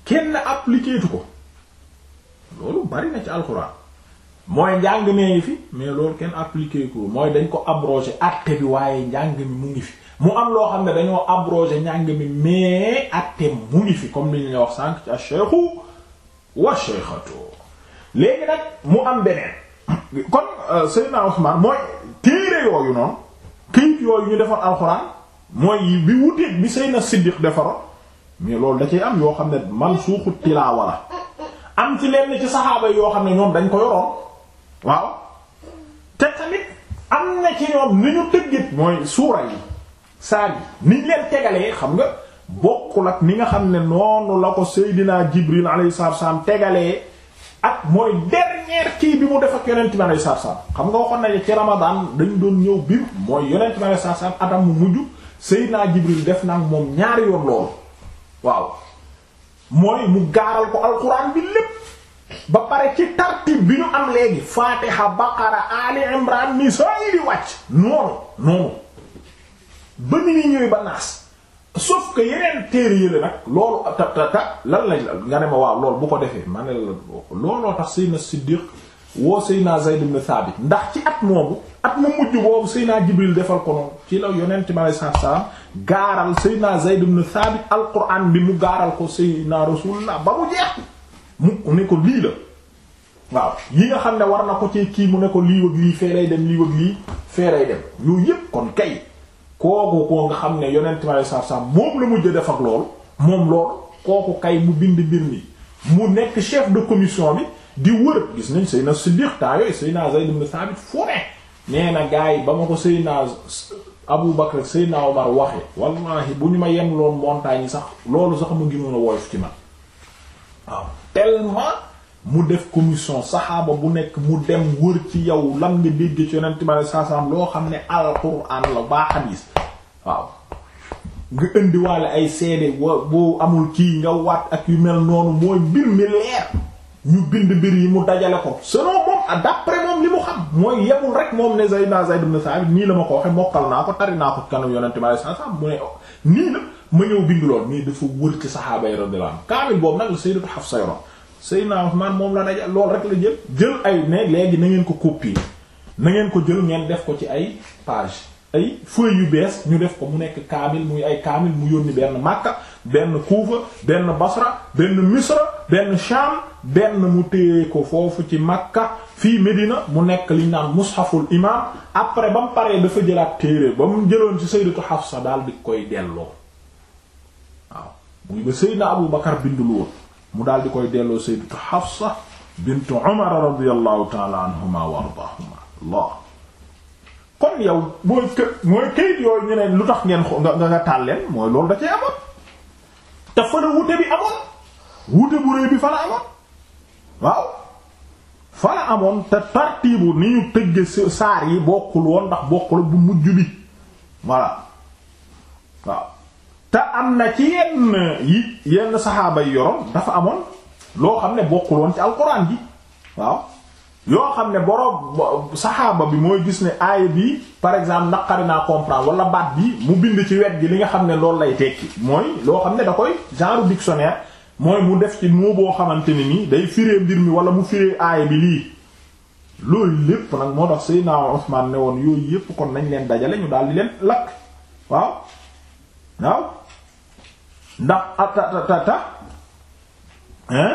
kenn appliqué tu ko loolu bari na ci alxuraan mooy njàng mee fi mais loolu kenn appliqué ko mooy dañ ko abrogé acte bi waaye njàng mi mu ngi fi mu am loo xam ne dañoo abrogé njàng mi mais acte mu ngi fi comme li ñu wax sànq ci ash-shaykhu wa shaykhatu léegi nag mu am beneen kon euh, Seydina Usmaan mooy téere yooyu noonu këyit yooyu ñu defar alxuraan mooy bi wuteek bi Seydina Siddiq defaroon mais loolu da ciy am yoo xam ne man suuxu tilaawa la am ci lenn ci saxaaba yoo xam ne ñoom dañ ko yoroon waaw te tamit am na ci ñoom ni ñu tëggit mooy suura yi saar yi niñ leen tegalee xam nga bokkul ak ni nga xam ne noonu la ko Seydina Jibril alayhi salaatu wasallam tegalee ak mooy dernier kii bi mu def ak yonent bi alayhi salaatu xam nga waxoon nañu ci Ramadan dañ doon ñëw biir mooy yonent bi alayhi salaatu wasallam mu mujj Seydina Jibril def na ak moom ñaari yoon loolu waaw mooy mu gaaral ko alquran bi lépp ba pare ci tartib bi ñu am léegi fatiha baqara ali imran nisaa yi di wàcc noonu noonu ba ni ni ñëwee ba naas sauf que yeneen téere yële nag loolu ta ta ta lan lañ la nga ne ma waaw lool bu ko defee ma ne la looloo tax Seydina Siddiq woo Seydina Zayd ibn Thabit ndax ci at moomu at mu mujj boobu Seydina Jibril defal ko noonu ci la yonent mi alayhi salaatu salaam gaaral Seydina Zayd ibn Thabit alquran bi mu gaaral ko Seydina Rasulullah ba mu jeex mu ne lii la waaw yi nga xam ne war na ko ci kii mu ne ko lii wëg lii fee lay dem lii wëg lii fee lay dem yooyu yépp kon kay kooku koo nga xam ne yonent mi alayhi salaatu moom la mujj def ak lool moom loolu kooku kay mu bind mbir mi mu nekk chef de commission bi di wër gis nañ Seydina Siddiq temps yooyu Seydina Zayd ibn Thabit fu ne nee na yi ba ma ko Seydina Abu Bakr ak Seydina Omar waxe wallahi bu ñu ma yem loon montagne yi sax loolu sax mu gënoon a woyof ci man waaw tellement mu def commission saxaaba bu nekk mu dem wër ci yow lan nga dégg ci yonent bi saa saam loo xam ne alquran la baa xadiis waaw nga indiwaale ay seede boo amul kii nga waat ak yu mel noonu mooy mbir mi leer ñu bind mbir yi mu dajale ko selon moom ak ah, d'après moom li mu xam mooy yebul rek moom ne Zayd naa Zayd ibn Sabit nii la ma ko waxe mokkal naa ko tari naa ko kanam yonente mi alei sat selaam mu ne nii la ma ñëw bind lool nii dafa wër ci saxaaba yi radiyallahu anhu kaamil boobu nag la sa Hafsa yoroon naa Uthman moom la dajal lool rek la jël jël ay ne léegi na ngeen ko copier na ngeen ko jël ngeen def ko ci ay page ay feuille yu bees ñu def ko mu nekk kaamil muy ay kaamil mu yónni benn Makka benn Kuufa benn Basra benn Misra benn Sham benn mu téye ko foofu ci Makka fii Medina mu nekk liñ naan mushaful imaam après ba mu paree dafa jëlaat téere ba mu jëloon ci Sayyidatu Hafsa daal di koy delloo waaw muy ba Sayyidna Abu Bakar bindul woon mu daal di koy delloo Sayyidatu Hafsa bint Umar radiyallahu ta'ala anhuma wa ardaahuma Allah lu tax ngeen nga da cee amoon te fa la wute bi amoon wute bu rëy bi fa la amoon waaw fa amoon te tartiibu ni ñu tëgge saar yi bokkul woon ndax bokkul bu mujj bi voilà waaw te am na ci yenn yi yenn saxaaba yi yoroon dafa amoon loo xam ne bokkul woon ci alxuraan bi waaw yoo xam ne boroom saxaaba bi mooy gis ne aaya bi par exemple naqari naa comprendre wala baat bi mu bind ci wet gi li nga xam ne loolu lay tekki mooy loo xam ne da koy genre dictionnaire mooy mu def ci moo boo xamante ne ni day firee mbir mi wala mu firee aaya bi lii loolu lépp nag moo tax Seydina Usmaan ne woon yooyu yépp kon nañ leen dajale ñu daal di leen lakk waaw waaw ndax atatata hein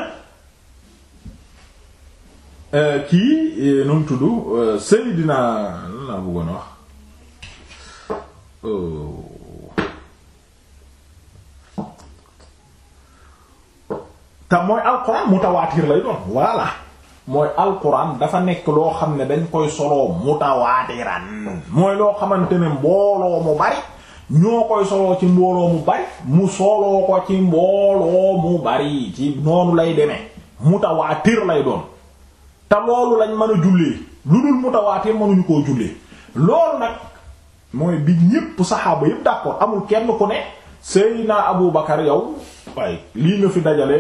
Euh, kii euh, nu mu tudd euh, Seydina lan laa bëggoon wax oh. te mooy alquran mutawaatir lay doon voilà mooy alquran dafa nekk loo xam ne dañ koy soloo mutawaatiran mooy loo xamante ne mbooloo mu bari ñoo koy soloo ci mbooloo mu bari mu soloo ko ci mbooloo mu bari ci noonu lay demee mutawaatir lay doon te loolu lañ mën a jullee lu dul mutawaatir mënuñu koo jullee loolu nag mooy bi ñépp saxaaba yépp d'accord amul kenn ku ne Seydina Abu Bakar yow waaye lii nga fi dajale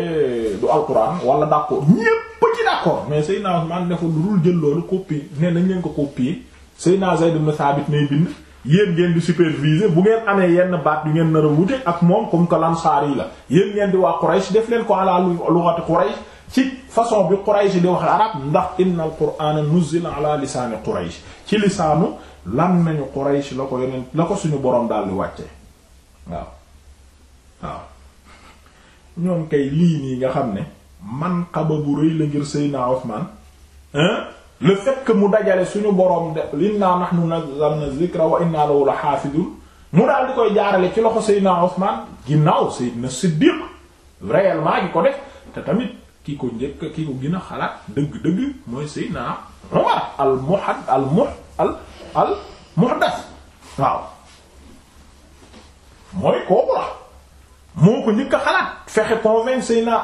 du alquran wala d'accord ñépp ci d'accord mais Seydina Usmaan ne ko lu dul jël loolu copier ne nañ leen ko copier Seydina Zayd ibn Thabit nay bind yéen ngeen di superviser bu ngeen amee yenn baat du ngeen nar a wute ak moom comme que lansaar yi la yéen ngeen di waa Quraysh def leen ko ala lughati Quraysh ci façon bi Quraysh di wax arab ndax inna al qur'ana nuzila ala lisaani Quraysh ci lisaanu lan nañu Quraysh la ko yeneen la ko suñu boroom daal di wàcce waaw waaw ñoom kay lii nii nga xam ne man xaba bu rëy la ngir Seydina Usmaan le fait mu dajale suñu boroom de inna nahnu nazzalna zikra wa inna lahu la xaafidun mu daal di koy jaarale ci loxo Seydina Usmaan ginnaaw Seydina Siddiq réellement gi ko def te tamit ki ko njëkk ki ko gën xalaat dëgg-dëgg mooy Seydina Umar al muhad al muh al al muhdas waaw mooy kooku la moo ko njëkk a xalaat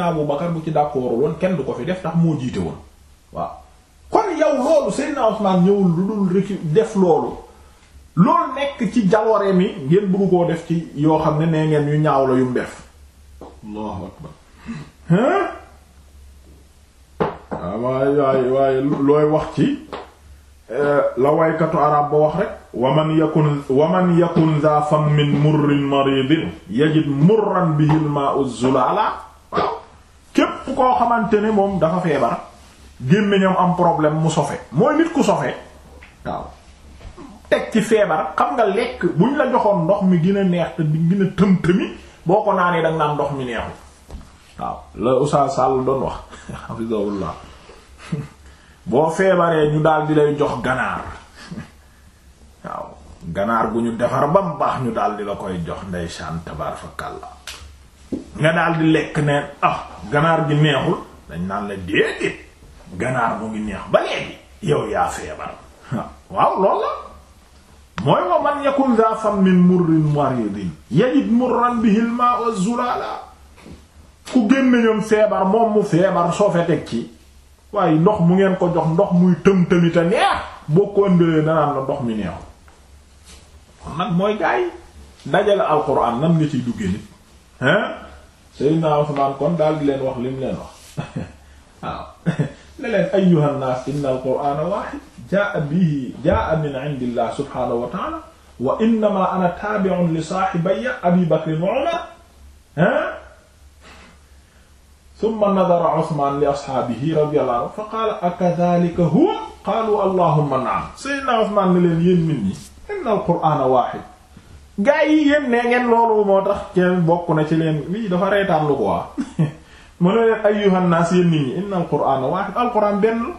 Abu Bakar bu ci d'accord woon kenn du ko fi def tax moo jiite woon waaw kon yow loolu Seydina Usman ñëwul lu dul def loolu loolu nekk ci jaloore mi ngeen bëgg koo def ci yoo xam ne nee ngeen yu ñaaw la yu mu def ah waay waaye looy wax ci euh, la waykatu arab ba wax rek waman yakun waman yakun za min murrin maridin yajid murran bihi al-ma'u zulala waaw képp koo xamante ne moom dafa feebar gémmiñam am problème mu sofe mooy nit ku sofe waaw teg ci feebar xam nga lekk buñ la joxoon ndox mi gën neex te gën a tëm-tëmi boo ko naanee danga ndox mi neexu waaw la Oustaz Sall doon wax hafizahullah boo feebaree ñu daldi di lay jox ganaar waaw ganaar gu ñu defar ba mu baax ñu daal la koy jox ndeysaan tabarakallah nga daal lekk neen ah, ganaar gi neexul dañ naan la déedéet ganaar mu ngi neex ba léegi yow yaa feebar waaw loolu mooy wa man yakun za fam min murrin maridin yajid murran bihi ku gémmiñam feebar moom mu feebar sofe teg ci waaye ndox mu ngeen ko jox ndox muy tëm tëmita neex boo ko ëndalee danaan ndox mi neexul kon nag mooy gaay dajale alxuraan nan nga ciy duggee nit hein Seydina Usmaan kon daal di leen wax lim leen wax waaw ne leen ayyuhan naas inna alqur'ana waahid jaa bihi jaa min indillah subhaanahu wa ta'ala wa innama ana taabi'un li saahibayya abi bakr wa umar hein summa nadara Usmaan li ashaabihi radiyallahu anhu fa qaala akadhalika huwa qaalu allahumma na'am sayyidina Usmaan ne leen yéen nit ñi inna al-qur'aana waahid gaa yi yéen nee ngeen loolu moo tax kenn bokk na ci leen lii dafa reetaan lu ko waa mu ne leen ayyuhan naas yéen nit ñi inna al-qur'aana waahid al-qur'aan benn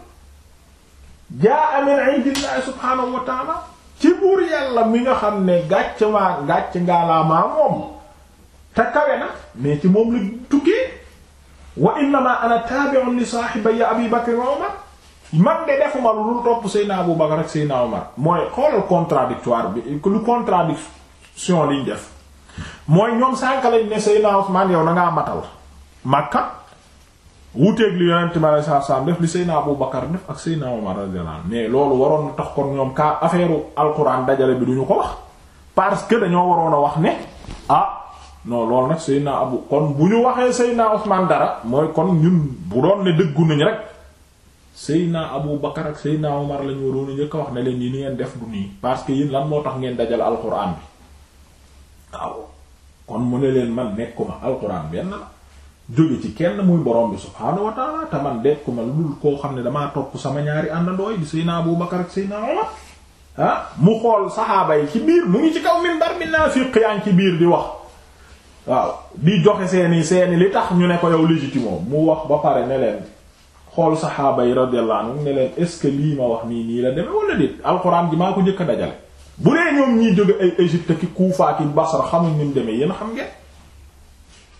jaa'a min 'indillaahi subhaanahu wa ta'aala ci buur yàlla mi nga xam ne gàcc maa gàcc ngaalaa moom te kawe na mais ci moom la tukkee wa innama ana taabi'un li saahibi ya abi bakr wa umar de defuma lu dul topp seyna abu bakr ak seyna umar mooy xoolal contradictoire bi lu contradiction liñ def mooy ñoom sànk lañ ne seyna usman yow na ngaa matal makka wuteeg li yonent mi alayhi salaatu salaam def li Seyna Abu Bakar def ak Seyna Umar radiyallahu mais loolu waroon na tax kon ñoom kaa affaire alquran dajale bi duñu ko wax parce que dañoo waroon a wax ne ah, non loolu nag Seydina Abu kon bu ñu waxee Seydina Usmaan dara mooy kon ñun bu doon ne dëggu nañ rek Seydina Abu Bakar ak Seydina Omar la ñu waroon a njëkk a wax ne leen yi ni ngeen def du nii parce que yéen lan moo tax ngeen dajal alxuraan bi waaw kon mu ne leen man nekkuma alxuraan benn la jóge ci kenn muy borom bi subhaanahu wa te man dekkuma lu dul koo xam ne damaa topp sama ñaari àndandooy di Seydina Abu Bakar ak Seydina Omar ah, mu xool saxaaba yi ci biir mu ngi ci kaw minbar mi naafiq yaa ci biir di wax. waaw di joxe seeni seeni li tax ñu ne ko yow légitime mu wax ba pare ne leen xool saxaaba yi radiyallahu anhum ne leen est-ce que lii ma wax nii nii la deme wala déet alxuraan ji maa ko njëkk dajale bu dee ñoom ñiy jóge ay Égypte ki Kuufa ki Basra xamuñ ni mu demee yéen xam ngeen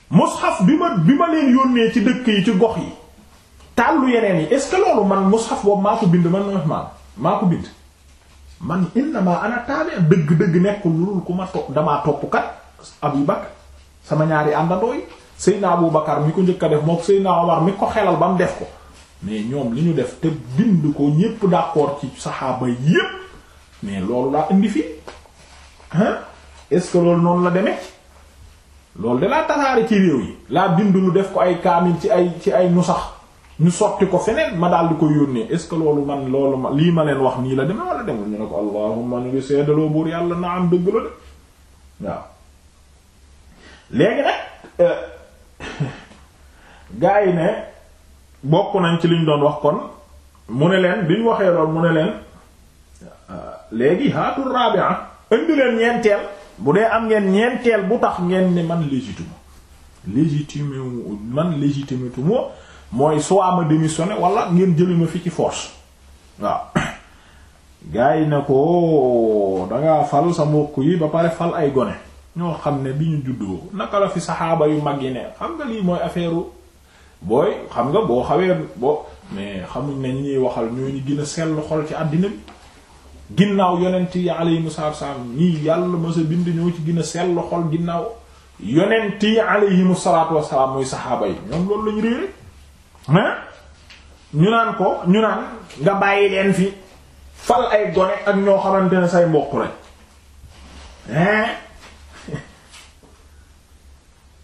mushaf bi ma bi ma leen yónnee ci dëkk yi ci gox yi tàllu yeneen yi est-ce que loolu man mushaf boobu maa ko bind man na maa ko bind man innamaa ana tabi' dëgg-dëgg nekkul lu dul ku ma to damaa topp kat Abu sama ñaari àndandoo yi Seydina Abu Bakar mi ko njëkk a def mook Seydina Omar mi ko xelal ba mu def ko mais ñoom li ñu def te bind ko ñépp d'accord ci saxaaba yépp mais loolu laa indi fii hein est-ce que loolu noonu la demee loolu de laa tasaare ci réew yi laa bind lu def ko ay kaamil ci ay ci ay nu ñu sotti ko feneen ma daal di ko yónnee est-ce que loolu man loolu ma lii ma leen wax nii la demee wala demul ñu ne ko allahumma ñu buur yàlla na am dëgg waaw léegi nag euh, gaa yi ne bokk nañ ci liñ doon wax kon mu ne leen biñ waxee lool mu ne leen euh, léegi haatul rabia indi leen ñeenteel bu dee am ngeen ñeenteel bu tax ngeen ne man légitime légitime man légitime tu moo mooy soit ma démissionné wala ngeen jëli ma fi ci force waaw gaa yi ne ko oh, dangaa fal sa mbokk yi ba pare fal ay gone ñoo xam ne bi ñu juddoo naka la fi saxaaba yu mag yi ne xam nga lii mooy affaire booy xam nga boo xawee boo mais xamuñ ne ñuy waxal ñooñu gën a sell xol ci àddina bi ginnaaw yonent yi alayhimu salaam ñii yàlla ma sa bind ñoo ci gën a sell xol ginnaaw yonent yi alayhimu salaatu wasalaam muy saxaaba yi ñoom loolu lañu réere hein ñu naan ko ñu naan nga bàyyi leen fi fal ay gone ak ñoo xamante ne say mbokk lañ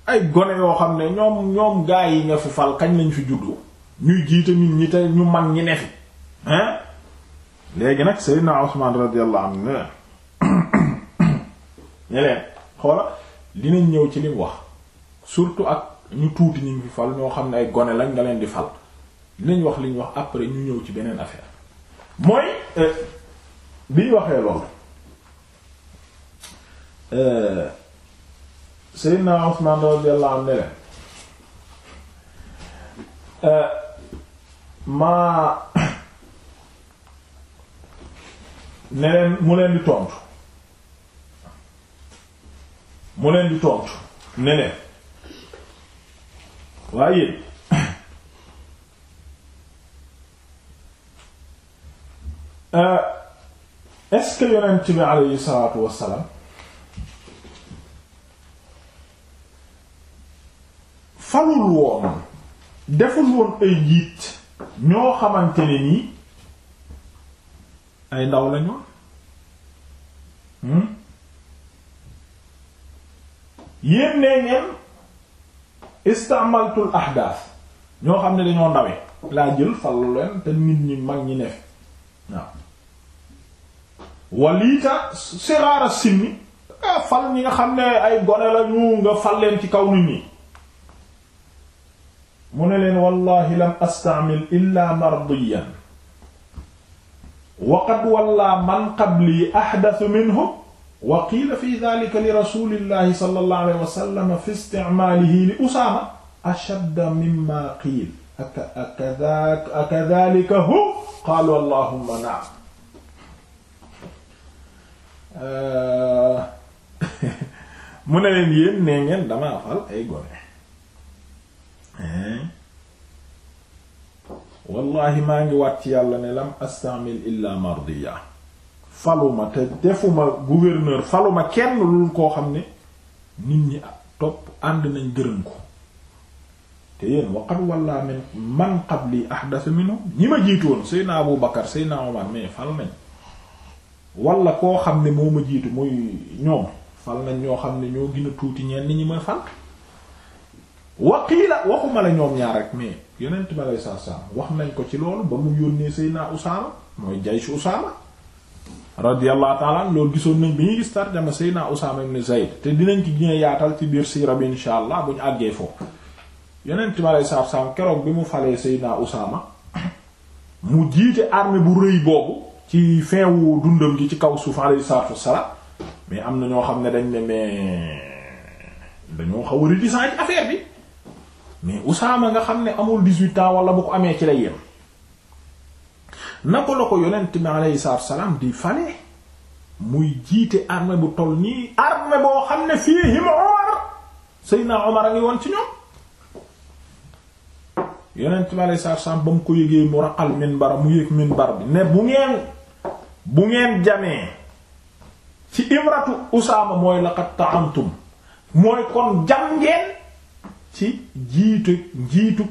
ay gone yoo xam ne ñoom ñoom gaa yi nga fi fal kañ lañ fi juddu ñuy jiite nit ñi te ñu mag ñi ne fi hein léegi nag Seydina Usman radiyallahu anhu ne leen xoola dinañ ñëw ci lim wax surtout ak ñu tuuti ñu fi fal ñoo xam ne ay gone lañ nga leen di fal dinañ wax liñ wax après ñu ñëw ci beneen affaire mooy euh, bi waxee loolu euh, Seydina Usmaan radiyallahu anhu ne leen maa ne leen mu leen di tontu mu leen di tontu ne waaye est-ce bi alayhi salaatu wassalaam falul woon deful woon ay njiit ñoo xamante ne nii ay ndaw lañu hmm yéen nee ahdaas ñoo xam ne dañoo ndawe laa jël fallu leen te nit ñi mag ñi ne waaw waliita siraara simmi fal ñi nga xam ne ay gone lañu nga fal leen ci kaw nit ñi mu ne leen wallahi lam astaamil illa mardiyan wa qad wallaa man qablii ahdathu minhum wa qiila fi dhalika li rasulillahi sallallahu alayhi wa sallam fi isticmaalihi li usaama ashadda mimma qiil akadhalika hu qaalu allahumma na'am mu ne leen yéen nee ngeen damaa fal ay gone wallahi maa ngi waat ci yàlla ne lam astamil illa mardiya faluma te defuma gouverneur faluma kenn lul koo xam ne nit ñi topp ànd nañ gërëm ko te yéen waqat walla min man qabli ahdasa minhum ñi ma jiitoon seyna Abu Bakar seyna Omar mais fal nañ wala koo xam ne moo ma jiitu muy ñoom fal nañ ñoo xam ne ñoo gën tuuti ñenn ñi ma fal waqiila waxuma la ñoom ñaar rek mais yonent bi aleyhi salaatu salaam wax nañ ko ci loolu ba mu yónnee Seydina Usaama mooy jaysh Usaama radiyallahu ta'ala an loolu gisoon nañ bi ñuy gis tarjama Seydina Usaama ibn Zayd te dinañ ci gën yaatal ci biir siira bi insha allah bu ñu àggee foofu yonent bi aleyhi salaatu salaam keroog bi mu falee Seydina Usaama mu jiite armée bu rëy boobu ci fin wu dundam gi ci kaw suuf aleyhi salaatu wassalaam mais am na ñoo xam ne dañ ne mais a réticent ci affaire bi mais Usaama nga xam ne amul 18 ans wala bu ko amee ci lay yem naka la ko yonent mi alayhi salaam di fale muy jiite armée bu toll nii armée boo xam ne fii hima Omar Seydina Omar a ngi woon ci ñoom yonent mi alayhi salaam ba mu ko yëgee mu raqal minbar mu yëg minbar bi ne bu ngeen bu ngeen jamee ci imratu Usaama mooy laqad ta'amtum mooy kon jam ngeen ci jiitu njiitu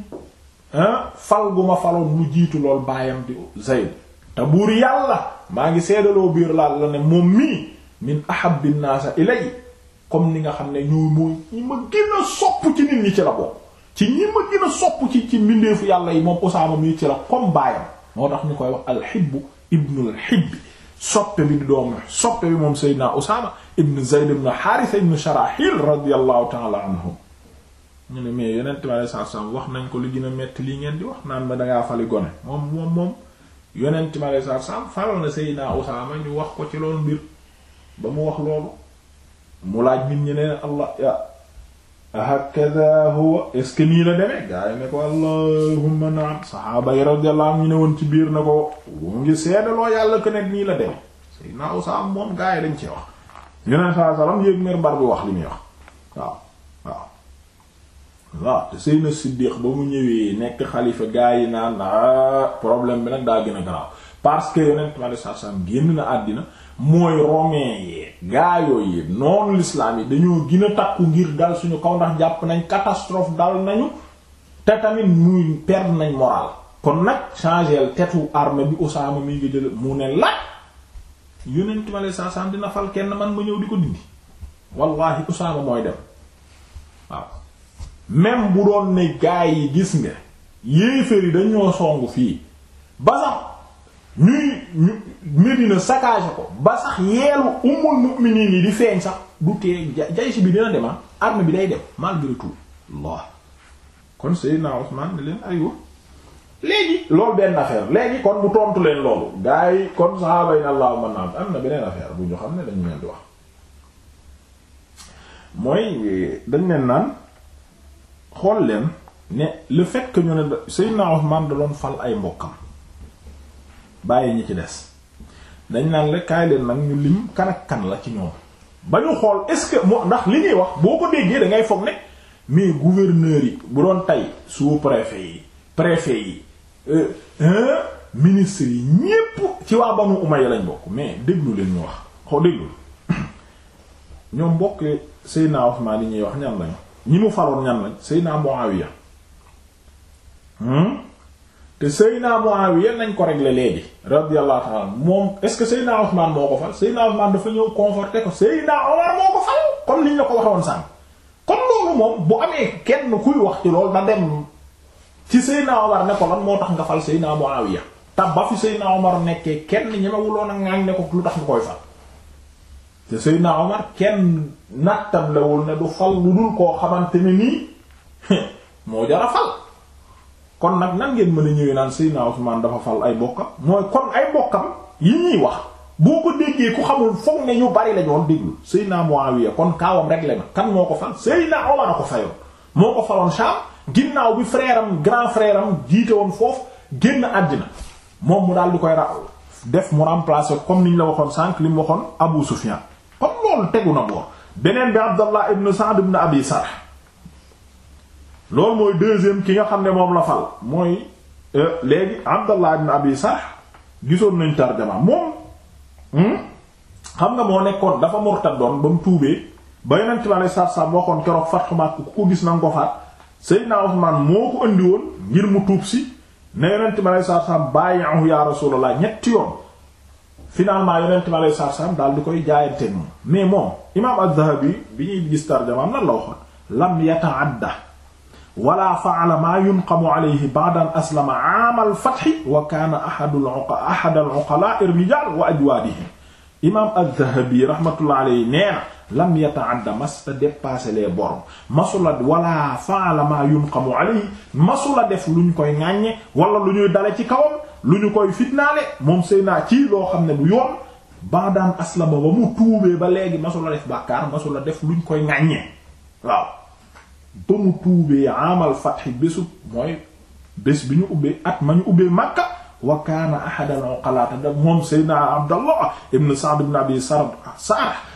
fal gu ma faloon lu jiitu lool baayam di Zayd te buur yàlla maa ngi seedaloo biir laal la ne moom mii min ahabbi naasa ilay comme ni nga xam ne ñoo mooy ñi ma gën sopp ci nit ñi ci la bokk ci ñi ma gën sopp ci ci mbindeefu yàlla yi moom Usaama mii ci la comme baayam moo tax ñu koy wax alxibbu ibnul xibbi soppe bi di doomu soppe bi moom Seydina Usaama ibn Zayd ibn Haarisa ibn Sharaxil radiyallahu ta'ala anhum ñu ne mais yeneen tubaab yi wax nañ ko li gën a metti lii ngeen di wax naan ma dangaa fali gone moom moom moom yeneen tubaab yi faral na Seydina Usaama ñu wax ko ci loolu mbir ba mu wax loolu mu laaj nit ñi ne Allah ya hakaza huwa est ne ko allahumma naam saxaaba yi radiyallahu anhu ñu ne woon ci biir na ko mu ngi seedaloo yàlla que nekk la demee Seydina Usaama moom gaa yi dañ cee wax yeneen saa salaam yéeg mer mbar bi wax li muy wax waaw. waaw te Seydina Siddiq ba mu ñëwee nekk xalifa gaa yi naan ah, problème bi nag daa gën a garaaw parce que yonent mi alei génn na àddina mooy romain yi gaa yooyu noonu l'islam yi dañoo gin a takku ngir dal suñu kaw ndax jàpp nañ catastrophe dal nañu te tamit muy perdre nañ moral kon nag changer tetu armée bi Usaama mi ngi mu ne la yonent mi alei satu salaam dina fal kenn man ma ñëw di ko dindi wallahi Usaama mooy dem waaw même bu doon ne gaa yi gis nga yéeféer yi dañoo songu fii ba sax ñuy Medina saccagé ko ba sax yeelu ummul mu'miniin yi di feeñ sax du tee jaysi bi dina dem ah, arme bi day dem malgré tout Allah kon Seydina Usman ne leen aywa léegi loolu benn affaire léegi kon bu tontu leen loolu gaa yi kon saxaaba yi na Allahumma naam am na beneen affaire bu ñu xam ne dañu leen di wax mooy dañ leen naan xool leen ne le fait ñu ne Seydina Ousmane da doon fal ay mbokkam bàyyi ñu ci des dañ naan la leen nag ñu lim kan la ci ñoom ba ñu xool est-ce moo ndax li ñuy wax boo ko déggee da ngay foog ne mais gouverneur yi bu doon tey sous-préfet yi préfet yi euh, ministre yi ñépp ci waa Banu Umayya lañ mbokk mais déglu leen ñu wax xaw déglu ñoom mbokk Seydina Ousmane yi ñuy wax ñan lañu ñi mu faloon ñan lañ Seydina Muawiya hmm? te Seydina Muawiya nañ ko régler léegi radiyallahu ta'ala moom est-ce que Seydina Ousmane moo ko fal Seydina Ousmane dafa ñëw conforter ko Seydina Omar moo ko fal comme niñ la ko waxoon sànq comme loolu moom bu amee kenn kuy wax ci loolu na dem ci Seydina Omar ne ko lan moo tax nga fal Seydina Muawiya te ba fi Seydina Omar nekkee kenn ñemewuloon ak ngaa ne ko lu tax nga koy fal te Seydina Omar kenn. nattam lawul ne du fal lu dul koo xamante ni nii moo jara fal kon nag nan ngeen mën a ñëwee naan Seydina Usmaan dafa fal ay bokkam mooy kon ay bokkam yi ñuy wax boo ko déggee ku xamul foog ne ñu bari la ñoon déglu Seydina Muawiya kon kaawam rek la kan moo ko fal Seydina Omar a ko fayoon moo ko faloon Sham ginnaaw bi frère am grand frère jiite woon foofu génn àddina moom mu daal di koy ra def mu remplacer comme niñ la waxoon sànq li waxoon Abu Sufyan kon tegu na boor beneen bi abdallah ibn Sa'd ibn abi Sarh loolu mooy deuxième ki nga xam ne moom la fal mooy euh, léegi abdallah ibn abi Sarh gisoon nañ tarjama moom hmm? xam nga moo nekkoon dafa murtad doon ba mu tuubee ba yonent bi alei satu salaam waxoon keroog Fathu Makka ku ko gis na nga ko faat Seydina Usmaan moo ko indi woon ngir mu tuub si ne yonent bi alei satu salaam bàyyi'ahu ya Rasulullah ñetti yoon finalement yonent mi alayhi salaatu salaam daal di koy jaayanteeg moom mais moom imaam az-Zahabi bi ñuy gis tarjamaam lan la waxoon lam yata'adda wala fa'ala maa yunqamu alayhi ba'da an aslama 'aama al-fathi wa kaana ahadul 'uqalaa ahadul 'uqalaa ar-rijaal wa ajwaadihim imaam az-Zahabi rahmatullahi alayhi nee na lam yataadda mas ta dépasser les bornes masula wala faala ma yunqamu alayhi masula def lu ñu koy ŋàññe wala lu ñuy dale ci kawam lu ñu koy fitnaale moom sëy naa ci loo xam ne bu yoon baadaan aslama ba mu tuubee ba léegi masula def bàkkaar masula def lu ñu koy ŋàññe waaw ba mu tuubee amal fatxi bésu mooy bés bi ñu ubbee at ma ñu ubbee Makka wa kaana ahadal uqalaata moom sëy naa Abdallah ibn Sa'd ibn Abi Sarh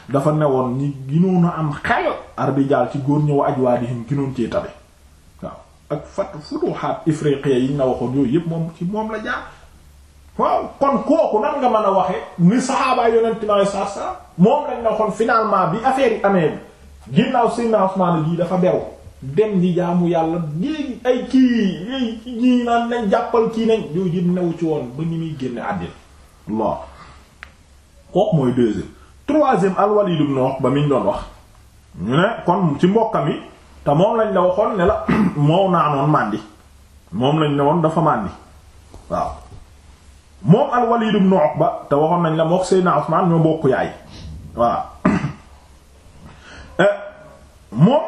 dafa newoon ñi ginoon a am xel ardijaal ci góor ñi wa ajwaadihim ginoon cee tabe waaw ak fat futuhaat ifriqiya yi ñu na yooyu yépp moom ci moom la jaar waaw kon kooku nan nga mën a waxee ni ma sa sa moom lañ bi affaire amee bi ginnaaw Seydina Usmaan ji dafa bew dem di jaamu yàlla di ay kii ay ñii naan nañ jàppal kii nañ yooyu yëpp newu ci woon ba ñu muy génne àddina waaw kooku mooy deuxième troisième al-Walid ibn Uqba mi ñu doon wax ñu ne kon ci mbokka mi te moom lañ la waxoon ne la moo naanoon màndi moom lañ ne woon dafa màndi waaw moom al-Walid ibn Uqba te waxoon nañ la moo Seydina Usmaan ñoo bokk yaay voilà eh, moom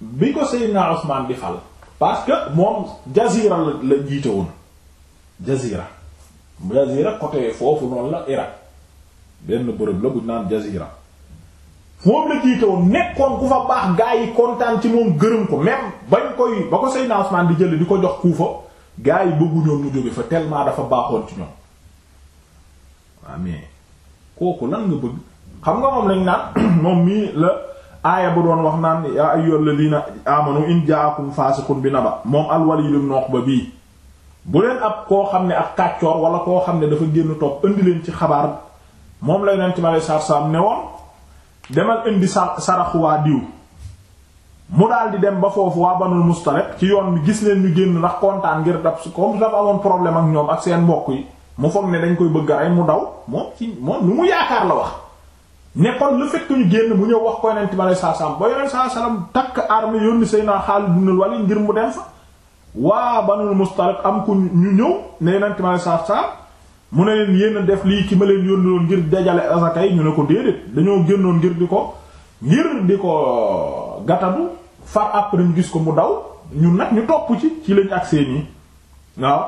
bi ko Seydina Usmaan di fal parce que moom jazira la jiite woon jazira jazira côté foofu noonu la Irak benn bërëb la buñ naan jazira moom la jiite nekkoon ku fa baax gaa yi kontaan ci moom gërëm ko même bañ koy ba ko Seydina Usmaan di jël di ko jox kuufa gaa yi bëgguñoon mu jóge fa tellement dafa baaxoon ci ñoom waaw mais kooku lan nga bëgg xam nga moom lañ naan moom mii la aaya bu doon wax naan yaa ayyuhal ladina amanu in ja'akum fasiqun bi naba moom al-Walid ibn Uqba bii bu leen ab koo xam ne ak kàccoor wala koo xam ne dafa génn toog indi leen ci xabaar moom la yonent bi aleyhi salaatu salaam ne woon demal indi sa saraxu waa diw mu daal di dem ba foofu waa banul Mustalik ci yoon mi gis leen ñu génn ndax kontaan ngir dab si comme dafa amoon problème ak ñoom ak seen mbokk yi mu foog ne dañ koy bëgg rey mu daw moom ci moom lu mu yaakaar la wax. ne kon le fait ñu génn mu ñëw wax ko yonent bi aleyhi salaatu salaam ba takk arme yónni Seydina Xaalid ibn Walid ngir mu dem fa waa am ku ñu ñëw ne yonent mu ne leen yéen def lii ki ma leen yónniloon ngir dajale asaka yi ñu ne ko déedéet dañoo génnoon ngir di ko ngir di ko gatanu far après ñu gis ko mu daw ñun nag ñu topp ci ci lañ ak seen yi waaw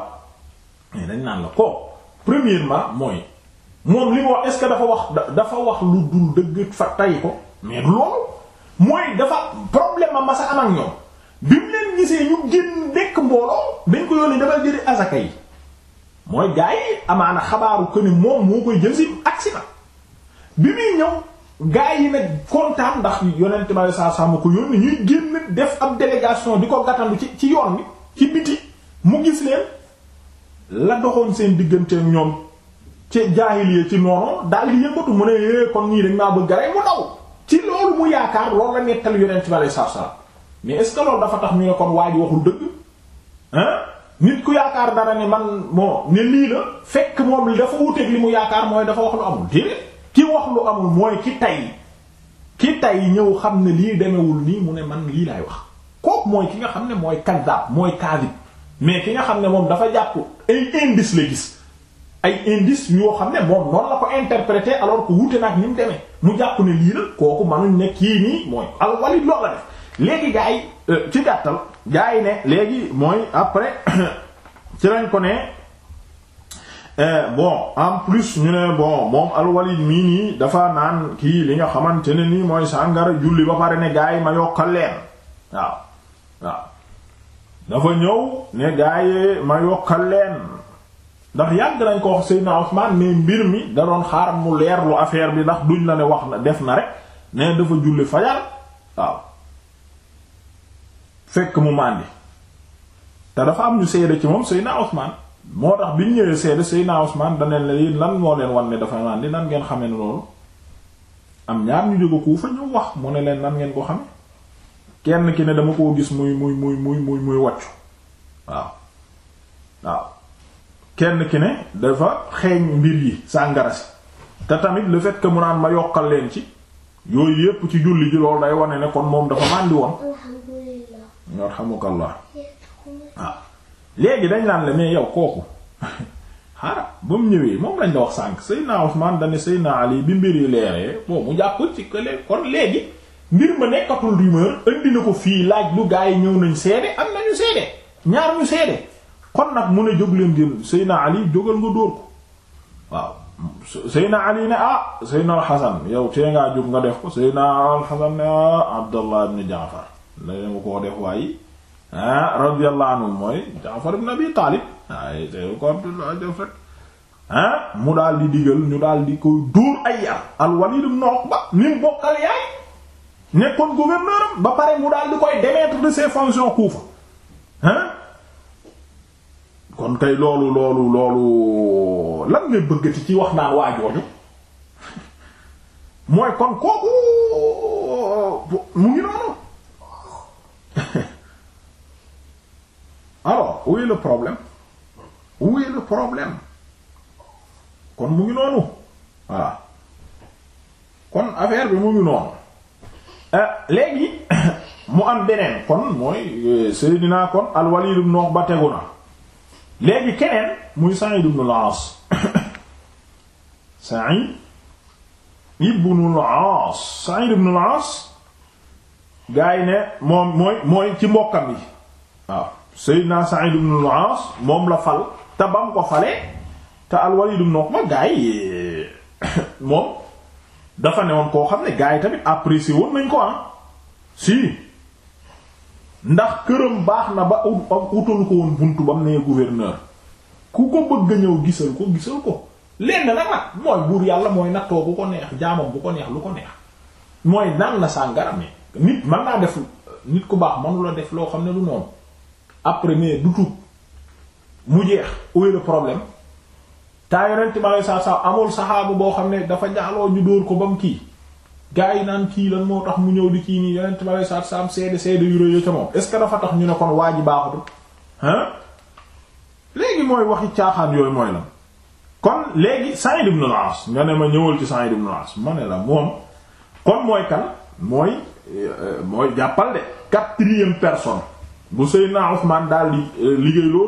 mais dañ naan la ko premièrement mooy moom li mu wax est dafa wax dafa wax lu dul dëgg fa tay ko mais du loolu mooy dafa problème a masa am ak ñoom bi mu leen gisee ñu génn dekk mbooloo dañ ko yónnee dafa jëri asaka yi mooy gars yi amaana xabaaru ko ni moom moo koy jël si agsi na bi muy ñëw gars yi nag kontaan ndax yonent ma saa saa ma ko yónni ñuy génn def ab délégation di ko gàttandu ci ci yoon bi ci biti mu gis leen la doxoon seen digganteek ñoom ci jaahiliya ci noonu daal di yëngatu mu ne eh, kon ñii dañ maa bëgg rey mu daw ci loolu mu yaakaar loolu la nettal yonent bi sallallahu alayhi wasallam mais est dafa tax ñu ne kon waa ji waxul dëgg nit ku yaakaar dara ne man moo ne lii la fekk moom dafa wuteeg li mu yaakaar mooy dafa wax lu amul déedéet ki wax lu amul mooy ki tay ki tay ñëw xam ne lii demewul nii mu ne man lii laay wax kooku mooy ki nga xam ne mooy kaddaab mooy kaadib mais ki nga xam ne moom dafa jàpp ay indice la gis ay indice yoo xam ne moom noonu la ko interpréter alors que wuute nag ni mu demee mu jàpp ne lii la kooku mënuñ ne kii nii mooy alwali lool la def léegi gaa yi euh, ci gàttal. gaa yi ne léegi mooy après ci lañ ko ne eh, bon en plus ñu ne bon moom alwalid mii nii dafa naan kii li nga xamante ne nii mooy sàngara julli ba pare ne gaa yi ma yokkal leen waaw waaw dafa ñëw ne gaa yi ma yokkal leen ndax yàgg nañ ko wax mi da xaar mu leerlu affaire bi ndax duñ la wax na def na rek ne dafa julli fajar waaw fekk mu màndi te dafa am ñu seede ci moom Seydina Usmaan moo tax bi ñu ñëwee seede Seydina Usmaan daneen la yéen lan moo leen wan ne dafa màndi nan ngeen xame ne loolu am ñaar ñu jóge Kuufa ñu wax mu ne leen nan ngeen ko xame kenn ki ne gis muy muy muy muy muy muy ki ne dafa xeeñ mbir yi sàngara si te tamit lu fait que mu naan ma yokkal leen ci yooyu yépp ci julli ji loolu day wane ne kon moom dafa màndi woon yarhamukallah waaw ah. léegi dañ naan la mais yow kooku xaaral ba mu ñëwee moom lañ la wax sànq Seydina Ousmane dañ ne Ali bi mbir leeree bon mu jàpp ci kële kon léegi mbir ma nekkatul rumeur indi ko fii laaj bu gaa yi ñëw nañ seede am nañu seede ñaar ñu seede kon nag mu ne jóg leen di Seydina Ali jógal nga dóor ko waaw Seydina Ali ne ah Seydina Al Hasan yow tee ngaa jóg nga def ko Seydina Al Hasan ne ah Abdallah ibn Jaafar nañu nga koo def waaye ah radiyallahu anhu mooy Jaafar ibn Abi Taalib waaye te ko def rek ah mu daal di digal ñu daal di koy dóor ay yar al Walid ibn ni mu bokkal yaay nekkoon gouverneur ba pare mu daal di koy démettre de ses fonctions Kufa ah kon kay loolu loolu loolu lan nga bëggati ci wax naan waa jooju mooy kon kooku mu ngi noonu alors où est problème où est problème kon mu ngi noonu voilà kon affaire bi mu ngi noonu euh, léegi mu am beneen kon mooy euh, Seydina kon al-Walid ibn Uqba tegu na léegi keneen muy Sa'id ibn al-As Sa'id ibn al-As Sa'id ibn al-As gaa yi ne moom mooy mooy ci mbokkam yi waaw Seydina Sa'id ibn al-As moom la fal te bam ko falee te al-Walid ibn Uqba gaa yi moom dafa newoon koo xam ne gaa yi tamit apprécié woon nañ ko am ah. si ndax këram baax na ba utal ko woon bunt ba mu nee gouverneur ku ko bëgg ñëw gisal ko gisal ko lenn nag nag mooy buur yàlla mooy nattoo bu ko neex jaamam bu ko neex lu ko neex mooy nan na sàngara mais nit mën naa def nit ku baax mënu la def loo xam ne lu noonu après mais du tuub mu jeex où problème taa yonent ma lay saa saa amul saxaabu boo xam ne dafa jaaloo ñu dóor ko ba mu kii gaa yi naan kii lan moo tax mu ñëw di kii nii yonent ma lay saa saa am seede seede yu rëy ca moom est dafa tax ñu ne kon waa ji baaxatul hein léegi mooy waxi caaxaan yooyu mooy la kon léegi san ibn al nga ne ma ñëwal ci Sa'id ibn al ma ne la moom kon mooy kan mooy euh, mooy jàppal de quatrième personne. bu Seydina Usmaan daal di euh, liggéeyloo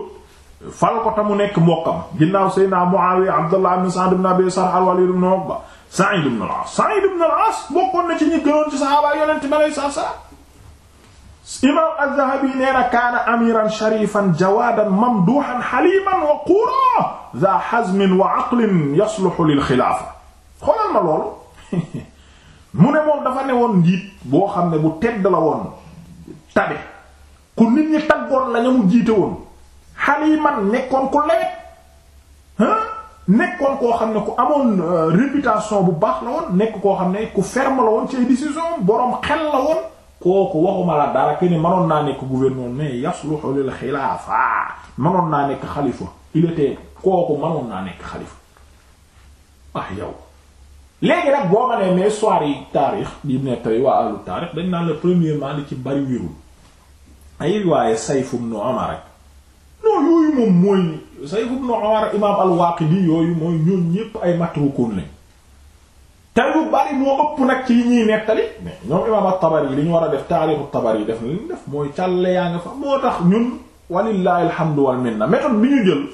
fal ko ta mu nekk mbokkam ginnaaw Seydina Muawiya Abdullah ibn Sa'd ibn Abi Sarh al-Walid ibn Uqba Sa'id ibn al-As Sa'id ibn al-As bokkoon na ci ñi gënoon ci saxaaba yonent bi alayhi salaatu salaam imam az-Zahabi nee na kaana amiran sharifan jawadan mamduhan haliman wa quran za hazmin wa aqlin yasluhu lil xilaafa xoolal ma loolu mu ne moom dafa ne woon njiit boo xam ne bu tedd la woon tabe ku nit ñi taggoon lañu mu jiite woon man nekkoon ku lewet nekkoon koo xam ne ku amoon euh, réputation bu baax la woon nekk koo xam ne ku ferme la woon ci décision boroom xel la woon kooku waxuma la dara ke ni mënoon naa nekk gouverneur mais yasluhu lil xilaafa manoon naa nekk xalifa il était kooku mënoon naa nekk xalifa ah yow léegi nag boo ma nee mais soir yi taarix di nettali waa àllu taarix dañ naan la premièrement li ci bari wérul ay say Sayf ibn Umar rek non yooyu moom mooy Sayf ibn Umar imaam al yooyu mooy ñun ñépp ay matrukuun lañ te lu bari moo ëpp nag ci yi ñuy nettali mais ñoom imaam li ñu war a def taarixu at-Tabari def na li moo tax ñun walillahi alhamdu wal minna méthode bi ñu jël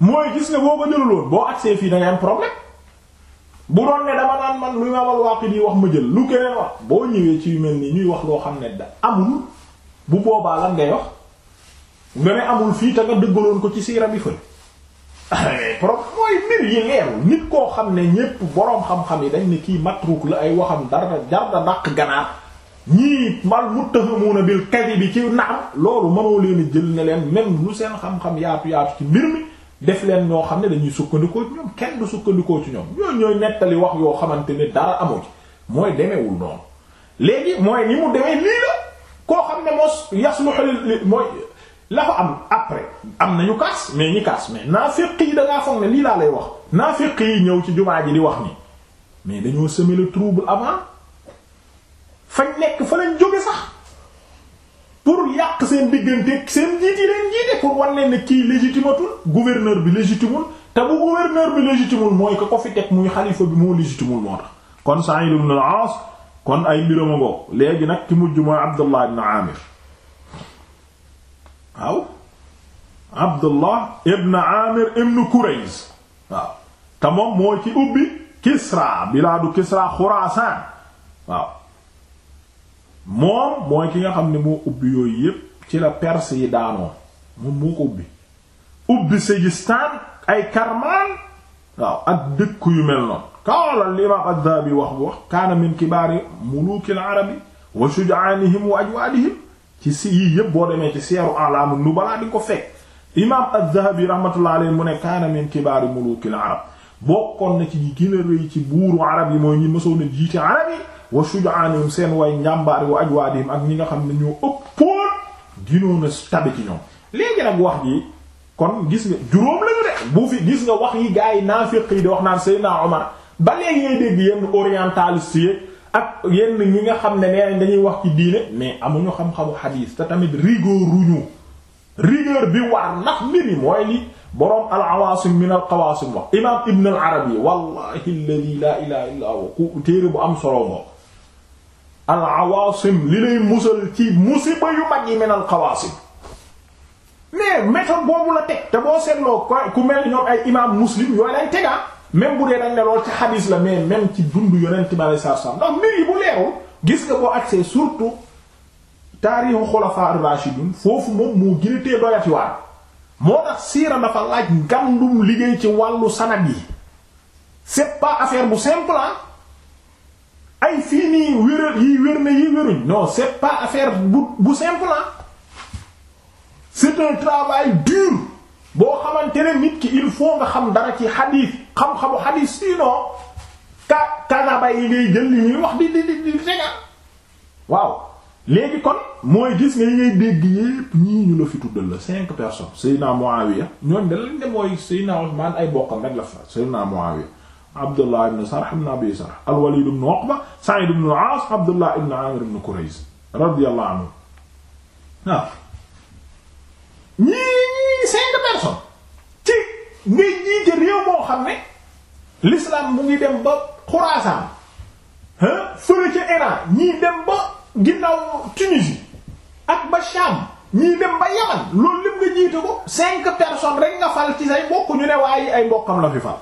mooy gis ne boo ko jëluloon boo agsee fii da am problème bu doon ne dama naan man lu imaam al wax ma jël lu keneen wax boo ñëwee ci yu mel nii ñuy wax loo xam ne da amul bu boobaa lan ngay wax nga ne amul fii te nga dëggaloon ko ci siira bi fële eh, problème mooy mbir yi leerul nit koo xam ne ñépp boroom xam-xam yi dañ ne kii matruk la ay waxam dara da da dàq ganaar ñii mal muttahamuna bil kadhib ci naam loolu mënoo leen jël ne leen même lu seen xam-xam yaatu yaatu ci mbir mi def leen ñoo xam ne dañuy sukkandikoo ci ñoom kenn du sukkandikoo ci ñoom ñooñu ñooy nettali wax yoo xamante ne dara amoo ci mooy demewul noonu koo xam ne moos yasluhu mooy la fa am après am nañu kaas mais ñi kaas mais naafiq yi dangaa foog ne lii laa lay wax naafiq yi ñëw ci jumaa ji di wax ni mais dañoo semer le trouble avant fañ nekk fa lañ jóge sax pour yàq seen diggante seen njiit yi leen njiite pour wan leen ne kii légitimatul gouverneur bi légitimul te bu gouverneur bi légitimul mooy que ko fi teg muy xalifa bi moo légitimul moo tax kon Sa'id ibn al-As kon ay mbiram a léegi nag ki mujj mooy Abdullah ibn Amir waaw Abdullah ibn Amir ibn Kurayz waaw te moom moo ci ubbi Kisra bilaadu Kisra Xuraasaan waaw moom mooy ki nga xam ne moo ubbi yooyu yépp ci la Perse yi daanoo moom moo ko ubbi ubbi Sijistaan ay Karmaan waaw ak dëkk yu mel noonu kaolal limaam az-Zahabi wax bu wax kaana min kibaari muluukil arabi wa shujaanihim wa ajwaadihim ci si yii yépp boo demee ci seeru alaamu nubalaa di ko fekk imaam az-Zahabi rahmatullah alayhi mu ne kaana min kibaari muluukil na ci ci buuru arab yi mooy ñi mësoon a jiite seen way njàmbaari wa ajwaadihim ak ñi nga xam ne ñoo ëppoon ginoon a ñoom léegi nag wax ji kon gis nga juróom lañu de bu fi gis nga wax yi gaa yi naafiq yi di wax naan Seydina Omar ba léegi ngay dégg yenn orientaliste ak yenn ñi nga xam ne nee dañuy wax ci diine mais amuñu xam-xamu xadiis te tamit rigueur ruñu rigueur bi war ndax mbir yi mooy li boroom al-Awaasim min al-Qawaasim wax imaam Ibn al-Arabi wallahi alladhi laa ilaaha illaa huwa ku téere bu am solo moo al-Awaasim li lay musal ci musiba yu mag yi min al-Qawaasim mais méthode boobu la teg te boo seetloo ku mel ñoom ay imam muslim yooyu lay tegaa ah. même bu dee dañ ne ci xadiis la mais même ci dund yonent bi alei satu selaam ndax yi bu leerul gis nga boo accès surtout taarixu xulafaa ar-rashidun foofu moom moo gënatee doyati waat moo tax siira dafa laaj ngandum liggéey ci wàllu sanad yi c'est pas affaire bu simple ah. ay fii nii wéral yi wér na yi wéruñ non c'est pas affaire bu bu c'est un boo xamante ne nit ki il faut nga xam dara ci xadiis xam-xamu xadiis sinon ka kanaba yi ngay jël li ñuy wax di di di di tega waaw léegi kon mooy gis nga yi ngay dégg yépp ñii ñu la fi tuddal la cinq personnes Seydina Muawiya ñoon da lañ de mooy Seydina Usman ay bokkam rek la fa Seydina Muawiya Abdullah ibn Sarh ibn Abi Sarh al-Walid ibn Uqba Sa'id ibn al-As Abdullah ibn Amir ibn Kurayz radiyallahu anhu waaw ñii ñii cinq personnes ci ngay jiite réew moo xam ne l'islam mu ngi dem ba Xuraasaan fële ca Iran ñii dem ba ginnaaw Tunisie ak ba Sham ñii dem ba Yaman loolu lépp nga jiite ko cinq personnes rek nga fal ci say mbokk ñu ne waaye ay mbokkam la fi fal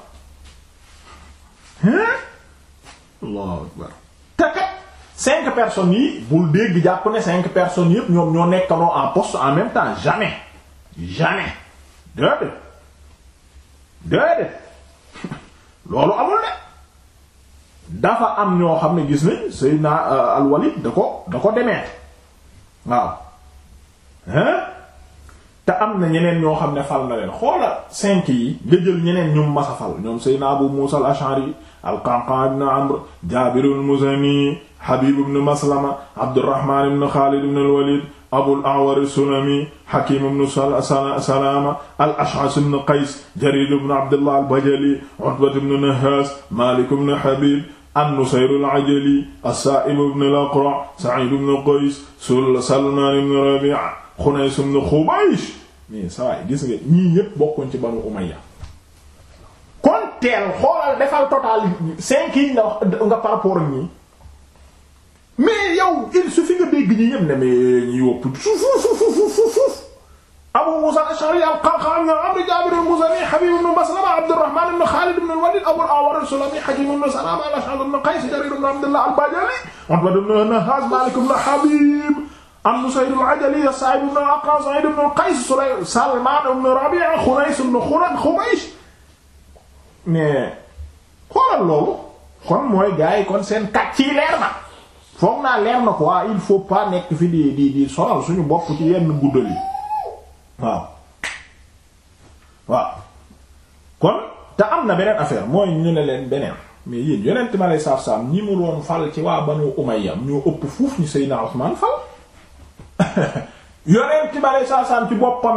Allahu akbar te kat cinq personnes yi bul dégg jàpp ne cinq personnes yëpp ñoom ñoo nekkaloo en poste en même temps jamais jamais déedéet déedéet loolu amul de dafa am ñoo xam ne gis nañ Seydina euh, al-Walid da ko da ko demeet waaw hein te am na ñeneen ñoo xam ne fal na leen xoola cinq yi nga jël ñeneen ñu mas a fal ñoom Seydina Abu Musa al-Ash'ari al-Qanqa ibn Amr Jabir al-Muzani Habib Maslama Abdurrahman ibn Khalid ibn al-Walid Abul A'war as-Sulami Hakim ibn Salama al-Ash'as ibn Qays Jarir ibn Abdullah al-Bajali Utba ibn Nahhas Malik ibn Habib an-Nusayr al-Ajali as-Sa'ib ibn al-Aqra' Sa'id ibn Qays Salman ibn Rabi'a Khunays ibn Khubaysh mais saa yi gis nga ñii ñépp bokkoon ci Banu Umayya kon teel xoolal defal total cinq yi nga nga par rapport ak ñii mais yow il suffit nga dégg ñi ne mais ñi wopp suuf Abu Musa Ash'ari al-Qa'qa' ibn Amr Jabir al-Muzani Habib ibn Maslama Abdurrahman Abu awar al-Sulami Hakim ibn Salama al-Ash'ari ibn Qays Jarir ibn Abdullah al-Bajali Utba ibn Nahhaz Malik ibn Habib am Nusayr al-Ajali Sa'ib ibn Aqra Sa'id ibn Qays Sulaym Salman ibn Rabi'a Khunays ibn Khurad Khubaysh mais xoolal loolu kon mooy gars yi kon seen kàcc yi leer na foog naa leer na ko ah, il faut pas nekk fi di di di sonal suñu bopp ci yenn guddal yi waaw waaw kon te am na beneen affaire mooy ñu ne leen beneen mais yéen yonent ma lay saaf ñi mu doon fal ci waa Banu Umayya ñoo ëpp ma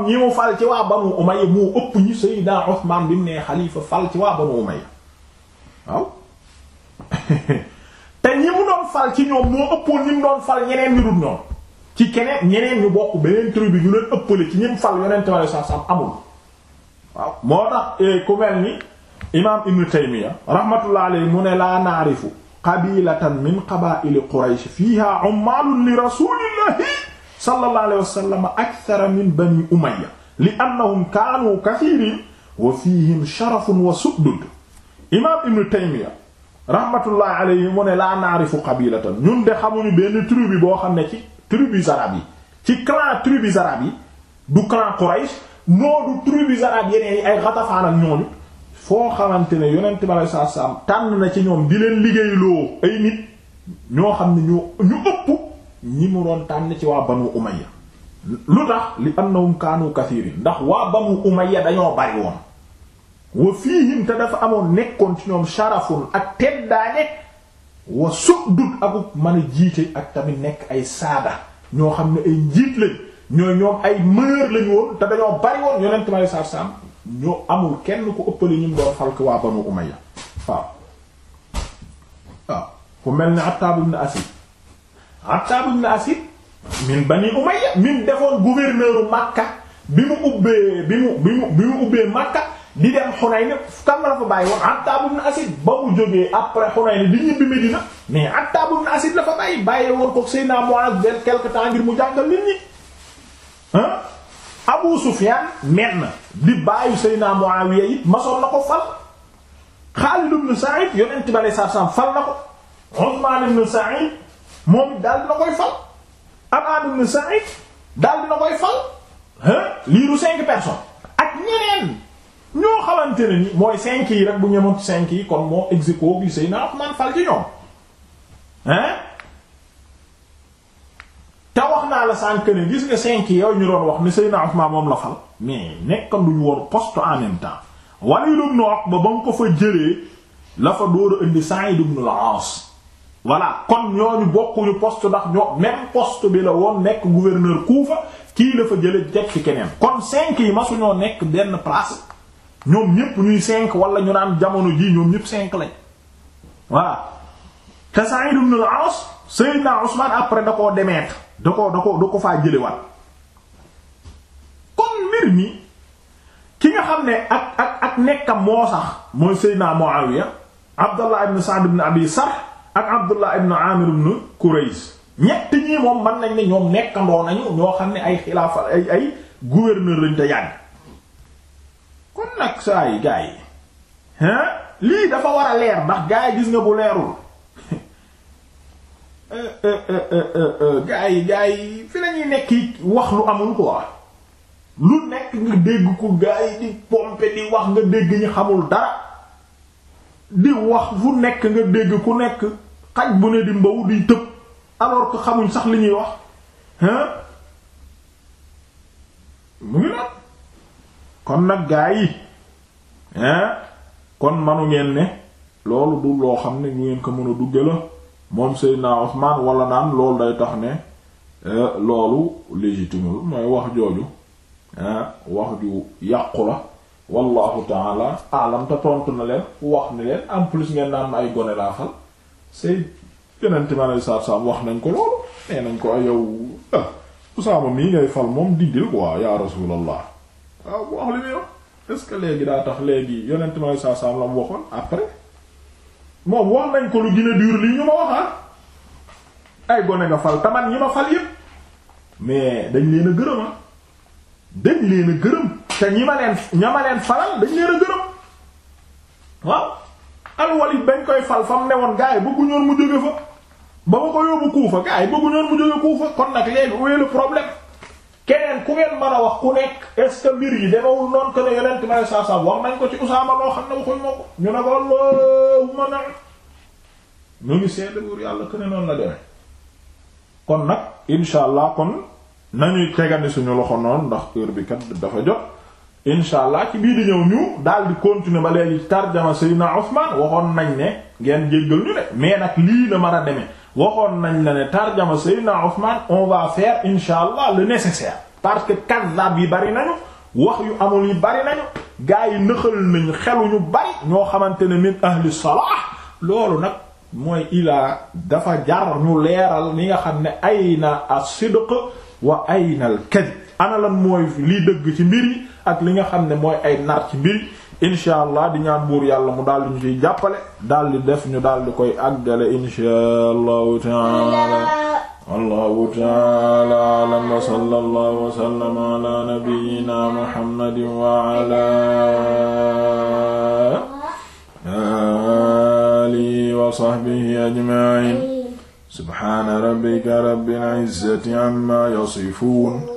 ñi mu fal ci ëpp ñi Seydina Usmaan bi mu nee xalifa fal ci waa Banu Umayya waaw te ñi mu doon fal ci ñoom moo ëppoon ñi mu doon fal ñeneen ñu dul ci keneen ñeneen ñu bokk beneen tribu ñu leen ëppale ci ñim fal yonent sallallahu alayhi wasallam amul moo tax eh, ku mel ni imaam ibnu taymiya rahmatullah mu ne laa naarifu qabilatan min qabaili quraysh fiha ummalun li rasulillahi sallallahu alayhi wasallam akthar min bani umayya li annahum kaanu kathirin wa fihim sharafun wa su'dud imaam ibnu taymiya rahmatullah alayhi mu ne laa naarifu qabilatan ñun de xamuñu benn tribu boo xam ne ci tribus arabes yi ci clan tribus arabes yi du clan Quraysh noo du tribus arabes yeneen ay Ghatafan ak ñooñu foo xamante ne yonent bi alei satu tànn na ci ñoom di leen liggéeyloo ay nit ñoo xam ne ñu ñu ëpp ñi mu doon tànn ci waa Banu Umayya lu tax li annahum kaanu kathirin ndax waa Banu Umayya dañoo bari woon wa fiihim te dafa amoon nekkoon ci ñoom sharafun ak teddaane wa su'dud akuk mën a jiite ak tamit nekk ay saada ñoo xam ne ay njiit lañ ñooy ñoom ay mëneur lañ woon te dañoo bari woon yonent ma saar saam ñoo amul kenn ku ëppale ñu doon xalk waa banu umayya waaw waaw ku mel ni Attab ibn Asid Attab ibn Asid min bani umayya min defoon gouverneur Makka bi mu ubbee bi mu bi mu ubbee Makka di dem Xunayn kam la fa bàyyi woon Attab ibn Asid ba mu jógee après Xunayn di ñibbi Medina mais Attab ibn Asid la fa bàyyi bàyyi woon ko Seydina Muaz vers quelque temps ngir mu jàngal nit ñi ah Abu Sufyan men na di bàyyi Seydina Muawiya it masoon na ko fal Xaalid ibn Sa'id yonent bi alayhi fal na ko Usman ibn Sa'id moom daal dina koy fal Aban ibn Sa'id daal dina koy fal ah liiru cinq personnes ak ñoo xamante ne ni mooy cinq yi rek bu ñemoon cinq yi kon moo execo bi sëy naa man fal ci ñoom hein te wax naa la sànq ne gis nga cinq yow ñu doon wax ne Seydina Ousmane moom la fal mais nekkam duñu woon poste en même temps Walid ibn ba mu ko fa jëlee la fa door a indi Sa'id ibn al-As voilà kon ñooñu bokkuñu poste ndax ñoo même poste bi la woon nekk gouverneur Koufa kii la fa jëlee teg ci keneen kon cinq yi masuñoo nekk benn place ñoom ñépp ñuy cinq wala ñu naan jamono jii ñoom ñépp cinq lañ voilà te Sa'id ibn al-As Seydina Usman après da koo demeet da ko da ko da ko faa jëlewaat kon mbir mi ki nga xam ne ak ak ak nekkam moo sax mooy Seydina Muawiya Abdullah ibn Sa'd ibn Abi Sarh ak Abdullah ibn Amir ibn Kurayz ñett ñii moom mën nañ ne ñoom nekkandoo nañu ñoo xam ne ay xilaafa ay ay gouverneur lañ te yàgg kon nag saa yi gaa yi hein lii dafa war a leer ndax gaa yi gis nga bu leerul euh, euh, euh, gaa yi gaa yi fi lañuy nekk wax lu amul quoi lu nekk nga dégg ko gaa yi di pomper di wax nga dégg ñu xamul dara di wax fu nekk nga dégg ku nekk xaj bu ne di mbaw di tëb alors que xamuñ sax li ñuy wax hein mu ngi nag kon nag gaa yi kon manu ngeen ne loolu du loo xam ne ñu ngeen ko mën a dugge la moom naa Usmaan walla naan loolu day tax ne euh, loolu légitimul mooy wax jooju wax ju yàqu la wallahu taala alam te tontu na leen wax ni leen en plus ngeen naan ay gone laa fal say genante ma lay saab saab wax nañ ko loolu nee nañ ko ay yow ah, Usaama mii ngay fal moom diddil quoi ya rasulallah waaw bu wax li muy wax est léegi daa tax léegi yonent ma saa la mu waxoon après moom wax nañ ko lu gën a dur li ñu ma waxaat ah. ay gone nga fal taman ñi ma fal yépp mais dañ leen a gërëm ah dañ leen a gërëm te ñi ma leen falal dañ leen a gërëm waaw alwalit bañ koy fal fam ne woon gars yi bëgguñoon mu jóge fa ba ma ko yóbbu kuufa gars yi bëgguñoon mu jóge kuufa kon nag léegi où est problème keneen ku ngeen mën a wax ku nekk est mbir yi demawul noonu que ne yonent ma saa wax nañ ko ci Usaama loo xam ne waxuñ ma ko ñu ne ko Allahumma na'am ñu ngi seede buur yàlla que ne noonu la demee. kon nag incha kon nañuy tegandi suñu loxo noonu ndax kër bi kat dafa jot incha allah ci bii di ñëw ñu daal di continuer ba léegi tarjama Seydina Usmaan waxoon nañ ne ngeen jéggal ñu ne mais nag lii la mën a demee. waxoon nañ la ne tarjama Seydina Ousmane on va faire insha allah le nécessaire parce que kazzab yi bari nañu wax yu amul yi bari nañu gars yi nëxal nañu xelu ñu bari ñoo xamante ne min ahli salah loolu nag mooy ilaa dafa jar ñu leeral li nga xam ne ayna as-sidq wa ayna al-kadhib ana lan mooy liy dëgg ci mbir yi ak li nga xam ne mooy ay nar ci mbir yi insha allah di ñaan buur yàlla mu daal di ñu ciy jàppale daal di def ñu daal di koy àggale insha allahu taala allahu taala alam wa sallallahu wa sallama ala nabiyyina muhammadin wa ala alihi wa sahbihi ajma'in subhana rabbika rabbil izzati amma yasifun